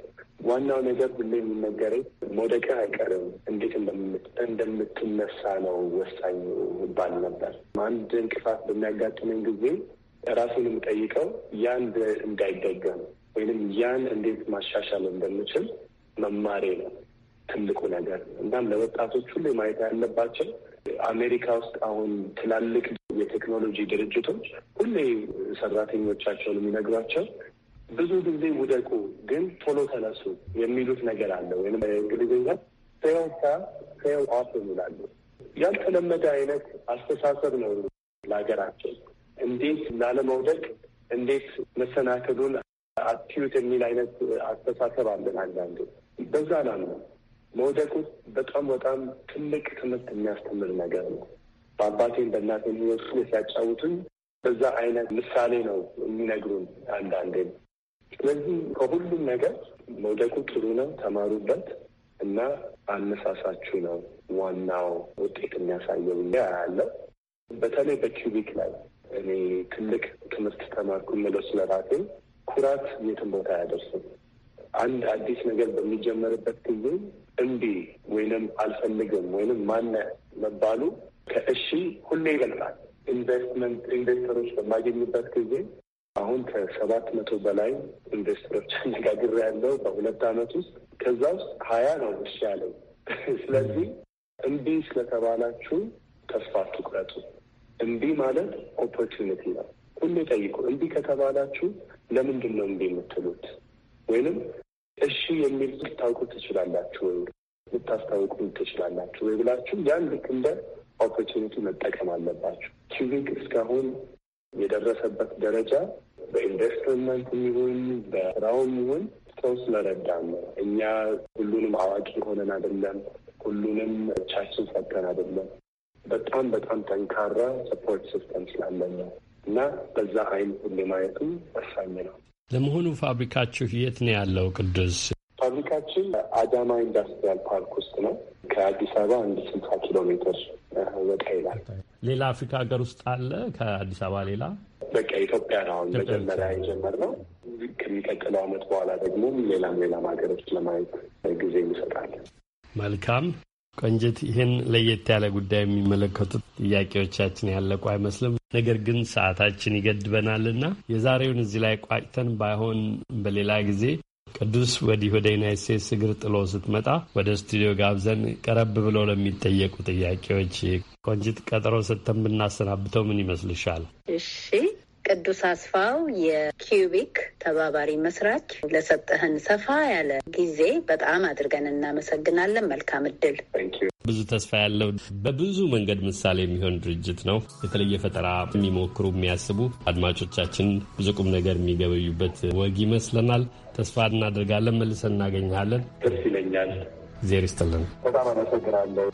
[SPEAKER 1] ዋናው ነገር ሁሌ የሚነገረኝ መውደቅህ አይቀርም እንዴት እንደምትነሳ ነው ወሳኝ ይባል ነበር። አንድ እንቅፋት በሚያጋጥመኝ ጊዜ ራሱን የምጠይቀው ያን እንዳይደገም ወይንም ያን እንዴት ማሻሻል እንደምችል መማሬ ነው ትልቁ ነገር። እናም ለወጣቶች ሁሉ ማየት ያለባቸው አሜሪካ ውስጥ አሁን ትላልቅ የቴክኖሎጂ ድርጅቶች ሁሌ ሰራተኞቻቸውን የሚነግሯቸው ብዙ ጊዜ ውደቁ ግን ቶሎ ተነሱ የሚሉት ነገር አለ። ወይም እንግሊዝኛ ፌውታ ፌው አፍ ይላሉ። ያልተለመደ አይነት አስተሳሰብ ነው ለሀገራቸው። እንዴት ላለመውደቅ፣ እንዴት መሰናከሉን አትዩት የሚል አይነት አስተሳሰብ አለን አንዳንዱ በዛ ላለ መውደቁ በጣም በጣም ትልቅ ትምህርት የሚያስተምር ነገር ነው። በአባቴን በእናቴ ህይወት ሲያጫውቱን በዛ አይነት ምሳሌ ነው የሚነግሩን አንዳንዴ ስለዚህ ከሁሉም ነገር መውደቁ ጥሩ ነው፣ ተማሩበት እና አነሳሳችሁ ነው ዋናው ውጤት የሚያሳየው ያለው በተለይ በኪቢክ ላይ እኔ ትልቅ ትምህርት ተማርኩ። ምለው ለራሴ ኩራት የትም ቦታ አያደርስም። አንድ አዲስ ነገር በሚጀመርበት ጊዜ እምቢ ወይንም አልፈልግም ወይንም ማነ መባሉ ከእሺ ሁሌ ይበልጣል። ኢንቨስትመንት ኢንቨስተሮች በማገኝበት ጊዜ አሁን ከሰባት መቶ በላይ ኢንቨስተሮች አነጋግር ያለው በሁለት አመት ውስጥ ከዛ ውስጥ ሀያ ነው እሺ ያለው። ስለዚህ እምቢ ስለተባላችሁ ተስፋ አትቁረጡ። እምቢ ማለት ኦፖርቹኒቲ ነው። ሁሌ ጠይቁ። እምቢ ከተባላችሁ ለምንድን ነው እምቢ የምትሉት? ወይንም እሺ የሚል ልታውቁ ትችላላችሁ ወይ ልታስታውቁ ትችላላችሁ ወይ ብላችሁ ያን ልክ እንደ ኦፖርቹኒቲ መጠቀም አለባችሁ። ኪዩቢክ እስካሁን የደረሰበት ደረጃ በኢንቨስትመንት የሚሆን በስራው የሚሆን ሰው ስለረዳን ነው። እኛ ሁሉንም አዋቂ ሆነን አይደለም፣ ሁሉንም እቻችን ፈተን አይደለም። በጣም በጣም ጠንካራ ሰፖርት ሲስተም ስላለን ነው እና በዛ አይን ሁሌ ማየቱ ወሳኝ ነው።
[SPEAKER 2] ለመሆኑ ፋብሪካችሁ የት ነው ያለው? ቅዱስ
[SPEAKER 1] ፋብሪካችን አዳማ ኢንዱስትሪያል ፓርክ ውስጥ ነው። ከአዲስ አበባ አንድ ስልሳ ኪሎ ሜትር በቃ ይላል።
[SPEAKER 2] ሌላ አፍሪካ ሀገር ውስጥ አለ? ከአዲስ አበባ ሌላ
[SPEAKER 1] በቃ ኢትዮጵያ ነው አሁን መጀመሪያ የጀመርነው። ከሚቀጥለው ዓመት በኋላ ደግሞ ሌላም ሌላም ሀገሮች ለማየት ጊዜ እንሰጣለን።
[SPEAKER 2] መልካም ቆንጅት፣ ይህን ለየት ያለ ጉዳይ የሚመለከቱት ጥያቄዎቻችን ያለቁ አይመስልም። ነገር ግን ሰዓታችን ይገድበናልና የዛሬውን እዚህ ላይ ቋጭተን ባይሆን በሌላ ጊዜ ቅዱስ ወዲህ ወደ ዩናይት ስቴትስ እግር ጥሎ ስትመጣ ወደ ስቱዲዮ ጋብዘን ቀረብ ብሎ ለሚጠየቁ ጥያቄዎች ቆንጅት ቀጠሮ ሰጥተን ብናሰናብተው ምን ይመስልሻል?
[SPEAKER 3] እሺ ቅዱስ አስፋው የኪዩቢክ ተባባሪ መስራች፣ ለሰጠህን ሰፋ ያለ ጊዜ በጣም አድርገን እናመሰግናለን። መልካም እድል።
[SPEAKER 2] ብዙ ተስፋ ያለው በብዙ መንገድ ምሳሌ የሚሆን ድርጅት ነው። የተለየ ፈጠራ የሚሞክሩ የሚያስቡ አድማጮቻችን ብዙ ቁም ነገር የሚገበዩበት ወግ ይመስለናል። ተስፋ እናደርጋለን። መልሰን እናገኘሃለን።
[SPEAKER 1] ደስ ይለኛል።
[SPEAKER 2] እግዜር ይስጥልን። በጣም አመሰግናለሁ።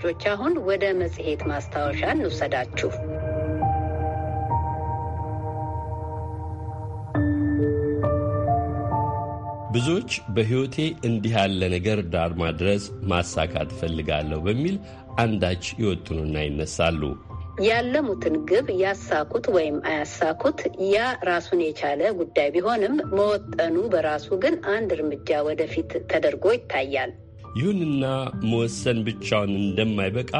[SPEAKER 3] አድማጮች አሁን ወደ መጽሔት ማስታወሻ እንውሰዳችሁ።
[SPEAKER 2] ብዙዎች በሕይወቴ እንዲህ ያለ ነገር ዳር ማድረስ ማሳካት እፈልጋለሁ በሚል አንዳች ይወጥኑና ይነሳሉ።
[SPEAKER 3] ያለሙትን ግብ ያሳኩት ወይም አያሳኩት ያ ራሱን የቻለ ጉዳይ ቢሆንም መወጠኑ በራሱ ግን አንድ እርምጃ ወደፊት ተደርጎ ይታያል።
[SPEAKER 2] ይሁንና መወሰን ብቻውን እንደማይበቃ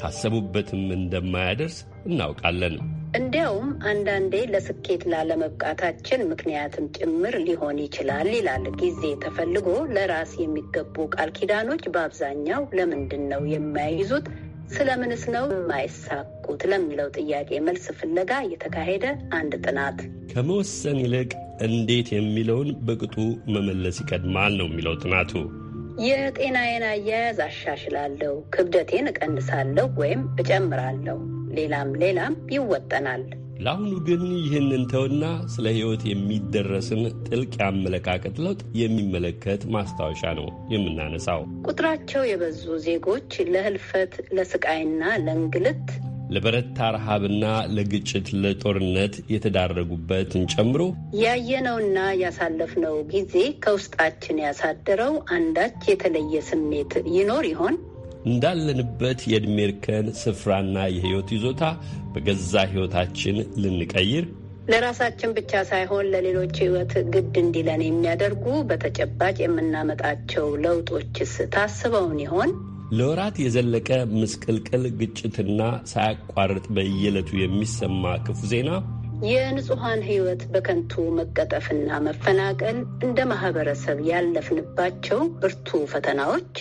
[SPEAKER 2] ካሰቡበትም እንደማያደርስ እናውቃለን።
[SPEAKER 3] እንዲያውም አንዳንዴ ለስኬት ላለመብቃታችን ምክንያትም ጭምር ሊሆን ይችላል ይላል። ጊዜ ተፈልጎ ለራስ የሚገቡ ቃል ኪዳኖች በአብዛኛው ለምንድን ነው የማይይዙት? ስለምንስ ነው የማይሳኩት? ለሚለው ጥያቄ መልስ ፍለጋ የተካሄደ አንድ ጥናት
[SPEAKER 2] ከመወሰን ይልቅ እንዴት የሚለውን በቅጡ መመለስ ይቀድማል ነው የሚለው ጥናቱ።
[SPEAKER 3] የጤናዬን አያያዝ አሻሽላለሁ፣ ክብደቴን እቀንሳለሁ ወይም እጨምራለሁ፣ ሌላም ሌላም ይወጠናል።
[SPEAKER 2] ለአሁኑ ግን ይህንን ተውና ስለ ሕይወት የሚደረስን ጥልቅ የአመለካከት ለውጥ የሚመለከት ማስታወሻ ነው የምናነሳው።
[SPEAKER 3] ቁጥራቸው የበዙ ዜጎች ለህልፈት ለስቃይና ለእንግልት
[SPEAKER 2] ለበረታ ረሃብና ለግጭት ለጦርነት የተዳረጉበትን ጨምሮ
[SPEAKER 3] ያየነውና ያሳለፍነው ጊዜ ከውስጣችን ያሳደረው አንዳች የተለየ ስሜት ይኖር ይሆን?
[SPEAKER 2] እንዳለንበት የዕድሜ እርከን ስፍራና የሕይወት ይዞታ በገዛ ሕይወታችን ልንቀይር
[SPEAKER 3] ለራሳችን ብቻ ሳይሆን ለሌሎች ሕይወት ግድ እንዲለን የሚያደርጉ በተጨባጭ የምናመጣቸው ለውጦችስ ታስበውን ይሆን?
[SPEAKER 2] ለወራት የዘለቀ ምስቅልቅል ግጭትና ሳያቋርጥ በየዕለቱ የሚሰማ ክፉ ዜና
[SPEAKER 3] የንጹሐን ሕይወት በከንቱ መቀጠፍና መፈናቀል እንደ ማህበረሰብ ያለፍንባቸው ብርቱ ፈተናዎች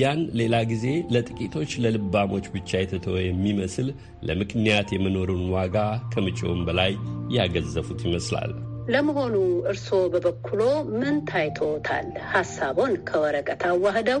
[SPEAKER 2] ያን ሌላ ጊዜ ለጥቂቶች ለልባሞች ብቻ የተተወ የሚመስል ለምክንያት የመኖሩን ዋጋ ከመቼውም በላይ ያገዘፉት ይመስላል።
[SPEAKER 3] ለመሆኑ እርስዎ በበኩሎ ምን ታይቶታል? ሀሳቦን ከወረቀት አዋህደው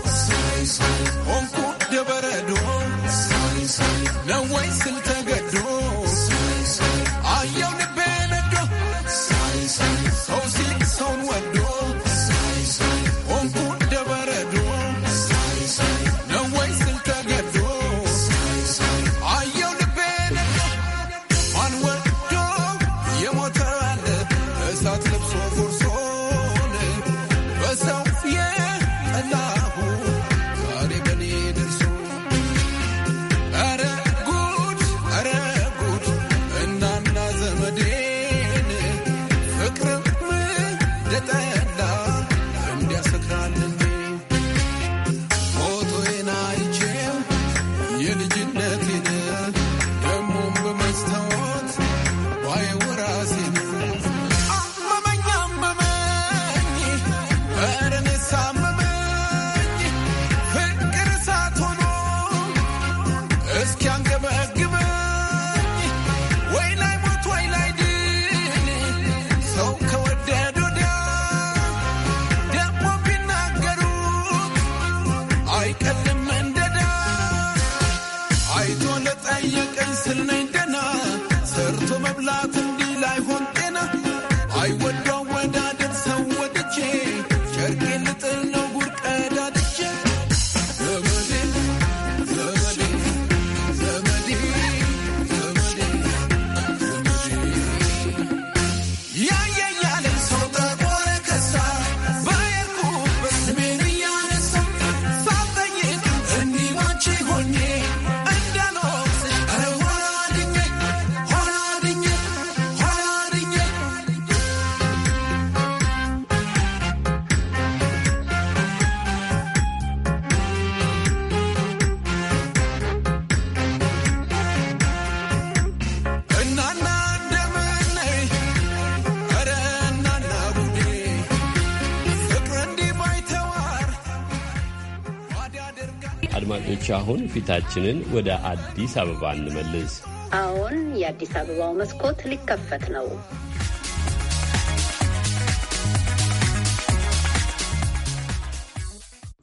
[SPEAKER 2] አድማጮች አሁን ፊታችንን ወደ አዲስ አበባ እንመልስ።
[SPEAKER 3] አሁን የአዲስ አበባው መስኮት ሊከፈት ነው።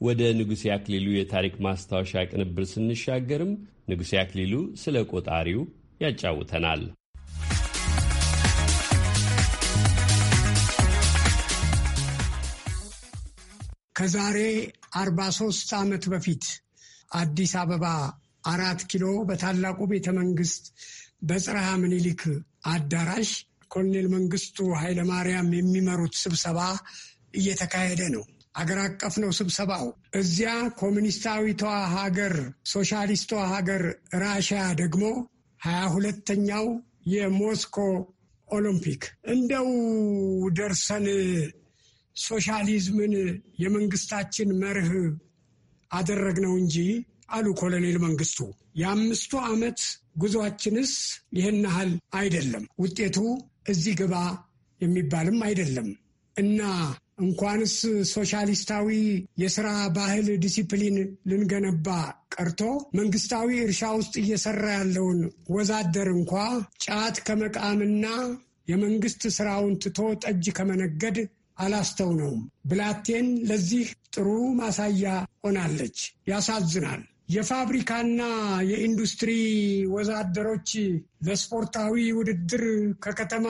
[SPEAKER 2] ወደ ንጉሴ አክሊሉ የታሪክ ማስታወሻ ቅንብር ስንሻገርም ንጉሴ አክሊሉ ስለ ቆጣሪው ያጫውተናል።
[SPEAKER 6] ከዛሬ 43 ዓመት በፊት አዲስ አበባ አራት ኪሎ በታላቁ ቤተ መንግስት በጽርሃ ምኒልክ አዳራሽ ኮሎኔል መንግስቱ ኃይለማርያም የሚመሩት ስብሰባ እየተካሄደ ነው። አገር አቀፍ ነው ስብሰባው። እዚያ ኮሚኒስታዊቷ ሀገር ሶሻሊስቷ ሀገር ራሽያ ደግሞ ሀያ ሁለተኛው የሞስኮ ኦሎምፒክ እንደው ደርሰን ሶሻሊዝምን የመንግስታችን መርህ አደረግነው እንጂ አሉ ኮሎኔል መንግስቱ። የአምስቱ ዓመት ጉዞአችንስ ይህን ያህል አይደለም፣ ውጤቱ እዚህ ግባ የሚባልም አይደለም እና እንኳንስ ሶሻሊስታዊ የሥራ ባህል ዲሲፕሊን ልንገነባ ቀርቶ መንግስታዊ እርሻ ውስጥ እየሰራ ያለውን ወዛደር እንኳ ጫት ከመቃምና የመንግስት ስራውን ትቶ ጠጅ ከመነገድ አላስተውነውም። ብላቴን ለዚህ ጥሩ ማሳያ ሆናለች። ያሳዝናል። የፋብሪካና የኢንዱስትሪ ወዛደሮች ለስፖርታዊ ውድድር ከከተማ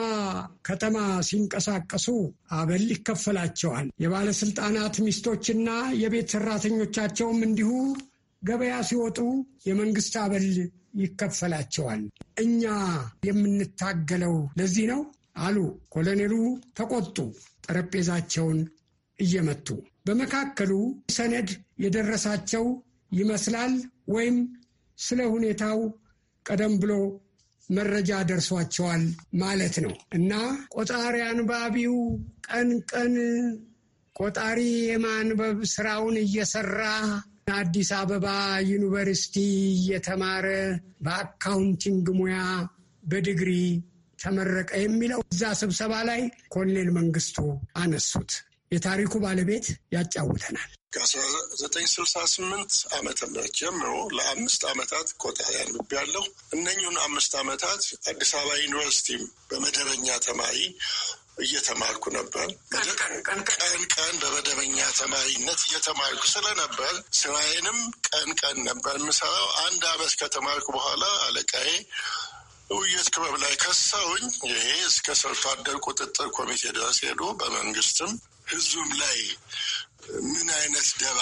[SPEAKER 6] ከተማ ሲንቀሳቀሱ አበል ይከፈላቸዋል። የባለስልጣናት ሚስቶችና የቤት ሰራተኞቻቸውም እንዲሁ ገበያ ሲወጡ የመንግስት አበል ይከፈላቸዋል። እኛ የምንታገለው ለዚህ ነው። አሉ ኮሎኔሉ ተቆጡ፣ ጠረጴዛቸውን እየመቱ። በመካከሉ ሰነድ የደረሳቸው ይመስላል ወይም ስለ ሁኔታው ቀደም ብሎ መረጃ ደርሷቸዋል ማለት ነው እና ቆጣሪ አንባቢው ቀን ቀን ቆጣሪ የማንበብ ስራውን እየሰራ አዲስ አበባ ዩኒቨርሲቲ እየተማረ በአካውንቲንግ ሙያ በድግሪ ተመረቀ የሚለው እዛ ስብሰባ ላይ ኮሎኔል መንግስቱ አነሱት። የታሪኩ ባለቤት ያጫውተናል። ከ1968 ዓመተ ምህረት ጀምሮ ለአምስት ዓመታት
[SPEAKER 7] ኮታ ያንብብ ያለው እነኚሁን አምስት ዓመታት አዲስ አበባ ዩኒቨርሲቲ በመደበኛ ተማሪ እየተማርኩ ነበር። ቀን ቀን በመደበኛ ተማሪነት እየተማርኩ ስለነበር ስራዬንም ቀን ቀን ነበር የምሰራው። አንድ አመት ከተማርኩ በኋላ አለቃዬ ውይይት ክበብ ላይ ከሰውኝ ይሄ እስከ ሰርቶ አደር ቁጥጥር ኮሚቴ ድረስ ሄዶ በመንግስትም ህዝብም ላይ ምን አይነት ደባ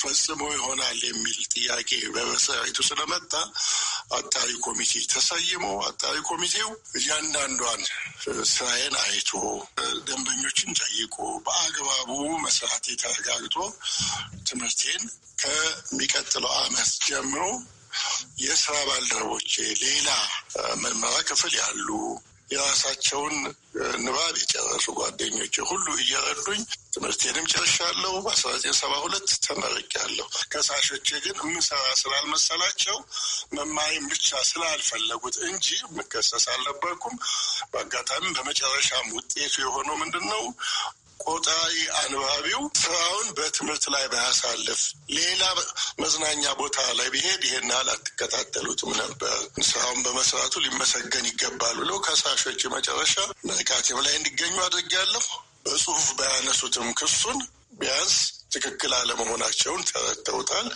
[SPEAKER 7] ፈጽሞ ይሆናል የሚል ጥያቄ በመሰራዊቱ ስለመጣ አጣሪ ኮሚቴ ተሰይሞ አጣሪ ኮሚቴው እያንዳንዷን ስራዬን አይቶ ደንበኞችን ጠይቆ በአግባቡ መስራቴ ተረጋግጦ ትምህርቴን ከሚቀጥለው አመት ጀምሮ የስራ ባልደረቦቼ ሌላ ምርመራ ክፍል ያሉ የራሳቸውን ንባብ የጨረሱ ጓደኞች ሁሉ እየረዱኝ ትምህርቴንም ጨርሻለሁ። በአስራ ዘጠኝ ሰባ ሁለት ተመርቄያለሁ። ከሳሾቼ ግን የምሰራ ስላልመሰላቸው መማሪም ብቻ ስላልፈለጉት እንጂ መከሰስ አልነበርኩም። በአጋጣሚ በመጨረሻም ውጤቱ የሆነው ምንድን ነው? ቆጣሪ አንባቢው ስራውን በትምህርት ላይ ባያሳልፍ ሌላ መዝናኛ ቦታ ላይ ቢሄድ ይሄን ያህል አትከታተሉትም ነበር፣ ስራውን በመስራቱ ሊመሰገን ይገባል ብሎ ከሳሾች መጨረሻ መርካቴም ላይ እንዲገኙ አድርጌያለሁ። በጽሁፍ ባያነሱትም ክሱን ቢያንስ ትክክል አለመሆናቸውን ተረድተውታል።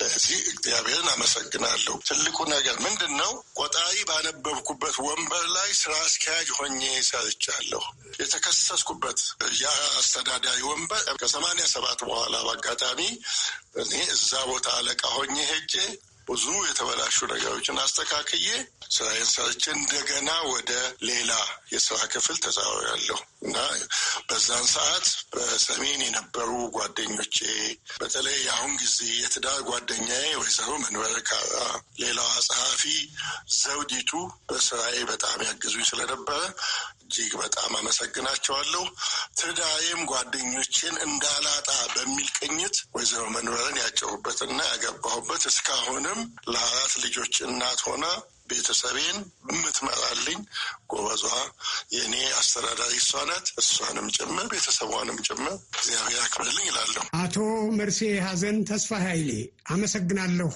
[SPEAKER 7] ለዚህ እግዚአብሔርን አመሰግናለሁ። ትልቁ ነገር ምንድን ነው? ቆጣሪ ባነበብኩበት ወንበር ላይ ስራ አስኪያጅ ሆኜ ሰርቻለሁ። የተከሰስኩበት የአስተዳዳሪ ወንበር ከሰማንያ ሰባት በኋላ በአጋጣሚ እኔ እዛ ቦታ አለቃ ሆኜ ሄጄ ብዙ የተበላሹ ነገሮችን አስተካክዬ ስራዬን ሰርቼ እንደገና ወደ ሌላ የስራ ክፍል ተዛውሬያለሁ እና በዛን ሰዓት በሰሜን የነበሩ ጓደኞቼ በተለይ የአሁን ጊዜ የትዳር ጓደኛዬ ወይዘሮ መንበረ ካራ፣ ሌላዋ ጸሐፊ ዘውዲቱ በስራዬ በጣም ያግዙኝ ስለነበረ እጅግ በጣም አመሰግናቸዋለሁ። ትዳዬም ጓደኞቼን እንዳላጣ በሚል ቅኝት ወይዘሮ መንበርን ያጨሩበትና ያገባሁበት እስካሁንም ለአራት ልጆች እናት ሆና ቤተሰቤን የምትመራልኝ ጎበዟ የእኔ አስተዳዳሪ እሷ ናት። እሷንም ጭምር ቤተሰቧንም ጭምር እግዚአብሔር ያክብርልኝ ይላለሁ።
[SPEAKER 6] አቶ መርስኤ ሀዘን ተስፋ ኃይሌ አመሰግናለሁ።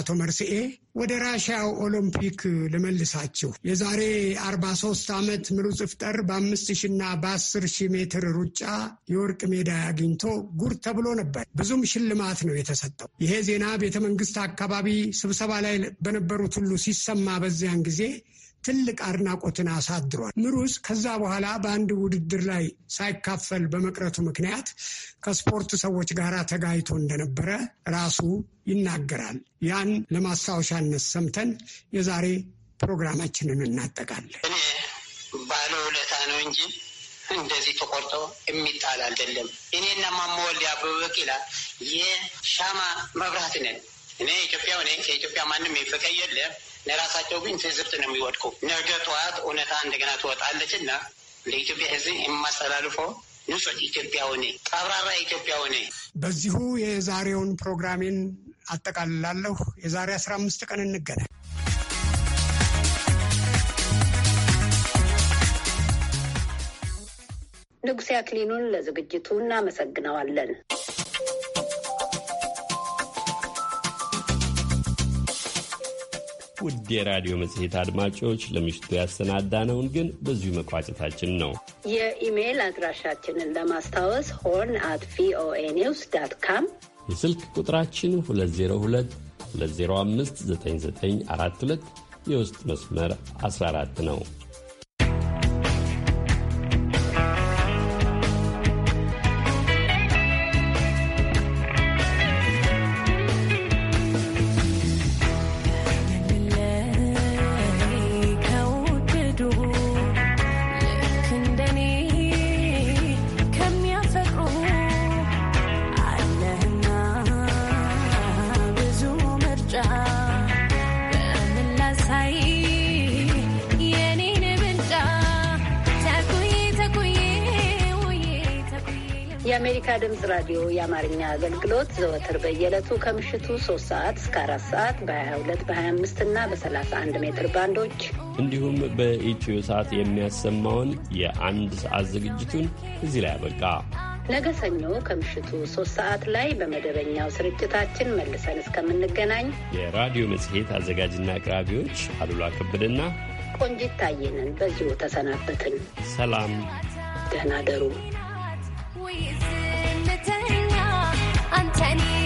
[SPEAKER 6] አቶ መርስኤ ወደ ራሽያ ኦሎምፒክ ልመልሳችሁ። የዛሬ 43 ዓመት ምሩጽ ይፍጠር በ5000 እና በ 10000 ሜትር ሩጫ የወርቅ ሜዳ አግኝቶ ጉር ተብሎ ነበር። ብዙም ሽልማት ነው የተሰጠው። ይሄ ዜና ቤተ መንግስት አካባቢ ስብሰባ ላይ በነበሩት ሁሉ ሲሰማ በዚያን ጊዜ ትልቅ አድናቆትን አሳድሯል። ምሩጽ ከዛ በኋላ በአንድ ውድድር ላይ ሳይካፈል በመቅረቱ ምክንያት ከስፖርት ሰዎች ጋር ተጋይቶ እንደነበረ ራሱ ይናገራል። ያን ለማስታወሻነት ሰምተን የዛሬ ፕሮግራማችንን እናጠቃለን። እኔ
[SPEAKER 3] ባለ ውለታ ነው እንጂ እንደዚህ ተቆርጦ የሚጣል አይደለም። እኔና ማመወል አበበ ቢቂላ የሻማ መብራት ነን። እኔ ኢትዮጵያ ከኢትዮጵያ ማንም ይፈቀየለ ለራሳቸው ግን ትዝብት ነው የሚወድቁ። ነገ ጠዋት እውነታ እንደገና ትወጣለች እና ለኢትዮጵያ ሕዝብ የማስተላልፈው ንጹህ ኢትዮጵያ ሆኔ ጠብራራ ኢትዮጵያ ሆኔ።
[SPEAKER 6] በዚሁ የዛሬውን ፕሮግራሜን አጠቃልላለሁ። የዛሬ አስራ አምስት ቀን እንገናኝ።
[SPEAKER 3] ንጉሴ አክሊኑን ለዝግጅቱ እናመሰግነዋለን።
[SPEAKER 2] ውድ የራዲዮ መጽሔት አድማጮች ለምሽቱ ያሰናዳነውን ግን በዚሁ መቋጨታችን ነው።
[SPEAKER 3] የኢሜይል አድራሻችንን ለማስታወስ ሆርን አት ቪኦኤ ኒውስ ዳት ካም፣
[SPEAKER 2] የስልክ ቁጥራችን 202 205 የውስጥ መስመር 14 ነው።
[SPEAKER 3] የአሜሪካ ድምፅ ራዲዮ የአማርኛ አገልግሎት ዘወትር በየዕለቱ ከምሽቱ 3 ሰዓት እስከ 4 ሰዓት በ22 በ25 እና በ31 ሜትር ባንዶች
[SPEAKER 2] እንዲሁም በኢትዮ ሰዓት የሚያሰማውን የአንድ ሰዓት ዝግጅቱን እዚህ ላይ አበቃ።
[SPEAKER 3] ነገ ሰኞ ከምሽቱ 3 ሰዓት ላይ በመደበኛው ስርጭታችን መልሰን እስከምንገናኝ
[SPEAKER 2] የራዲዮ መጽሔት አዘጋጅና አቅራቢዎች አሉላ ከበደና
[SPEAKER 3] ቆንጂት ታየንን በዚሁ ተሰናበትን።
[SPEAKER 2] ሰላም፣ ደህና ደሩ።
[SPEAKER 8] untenured.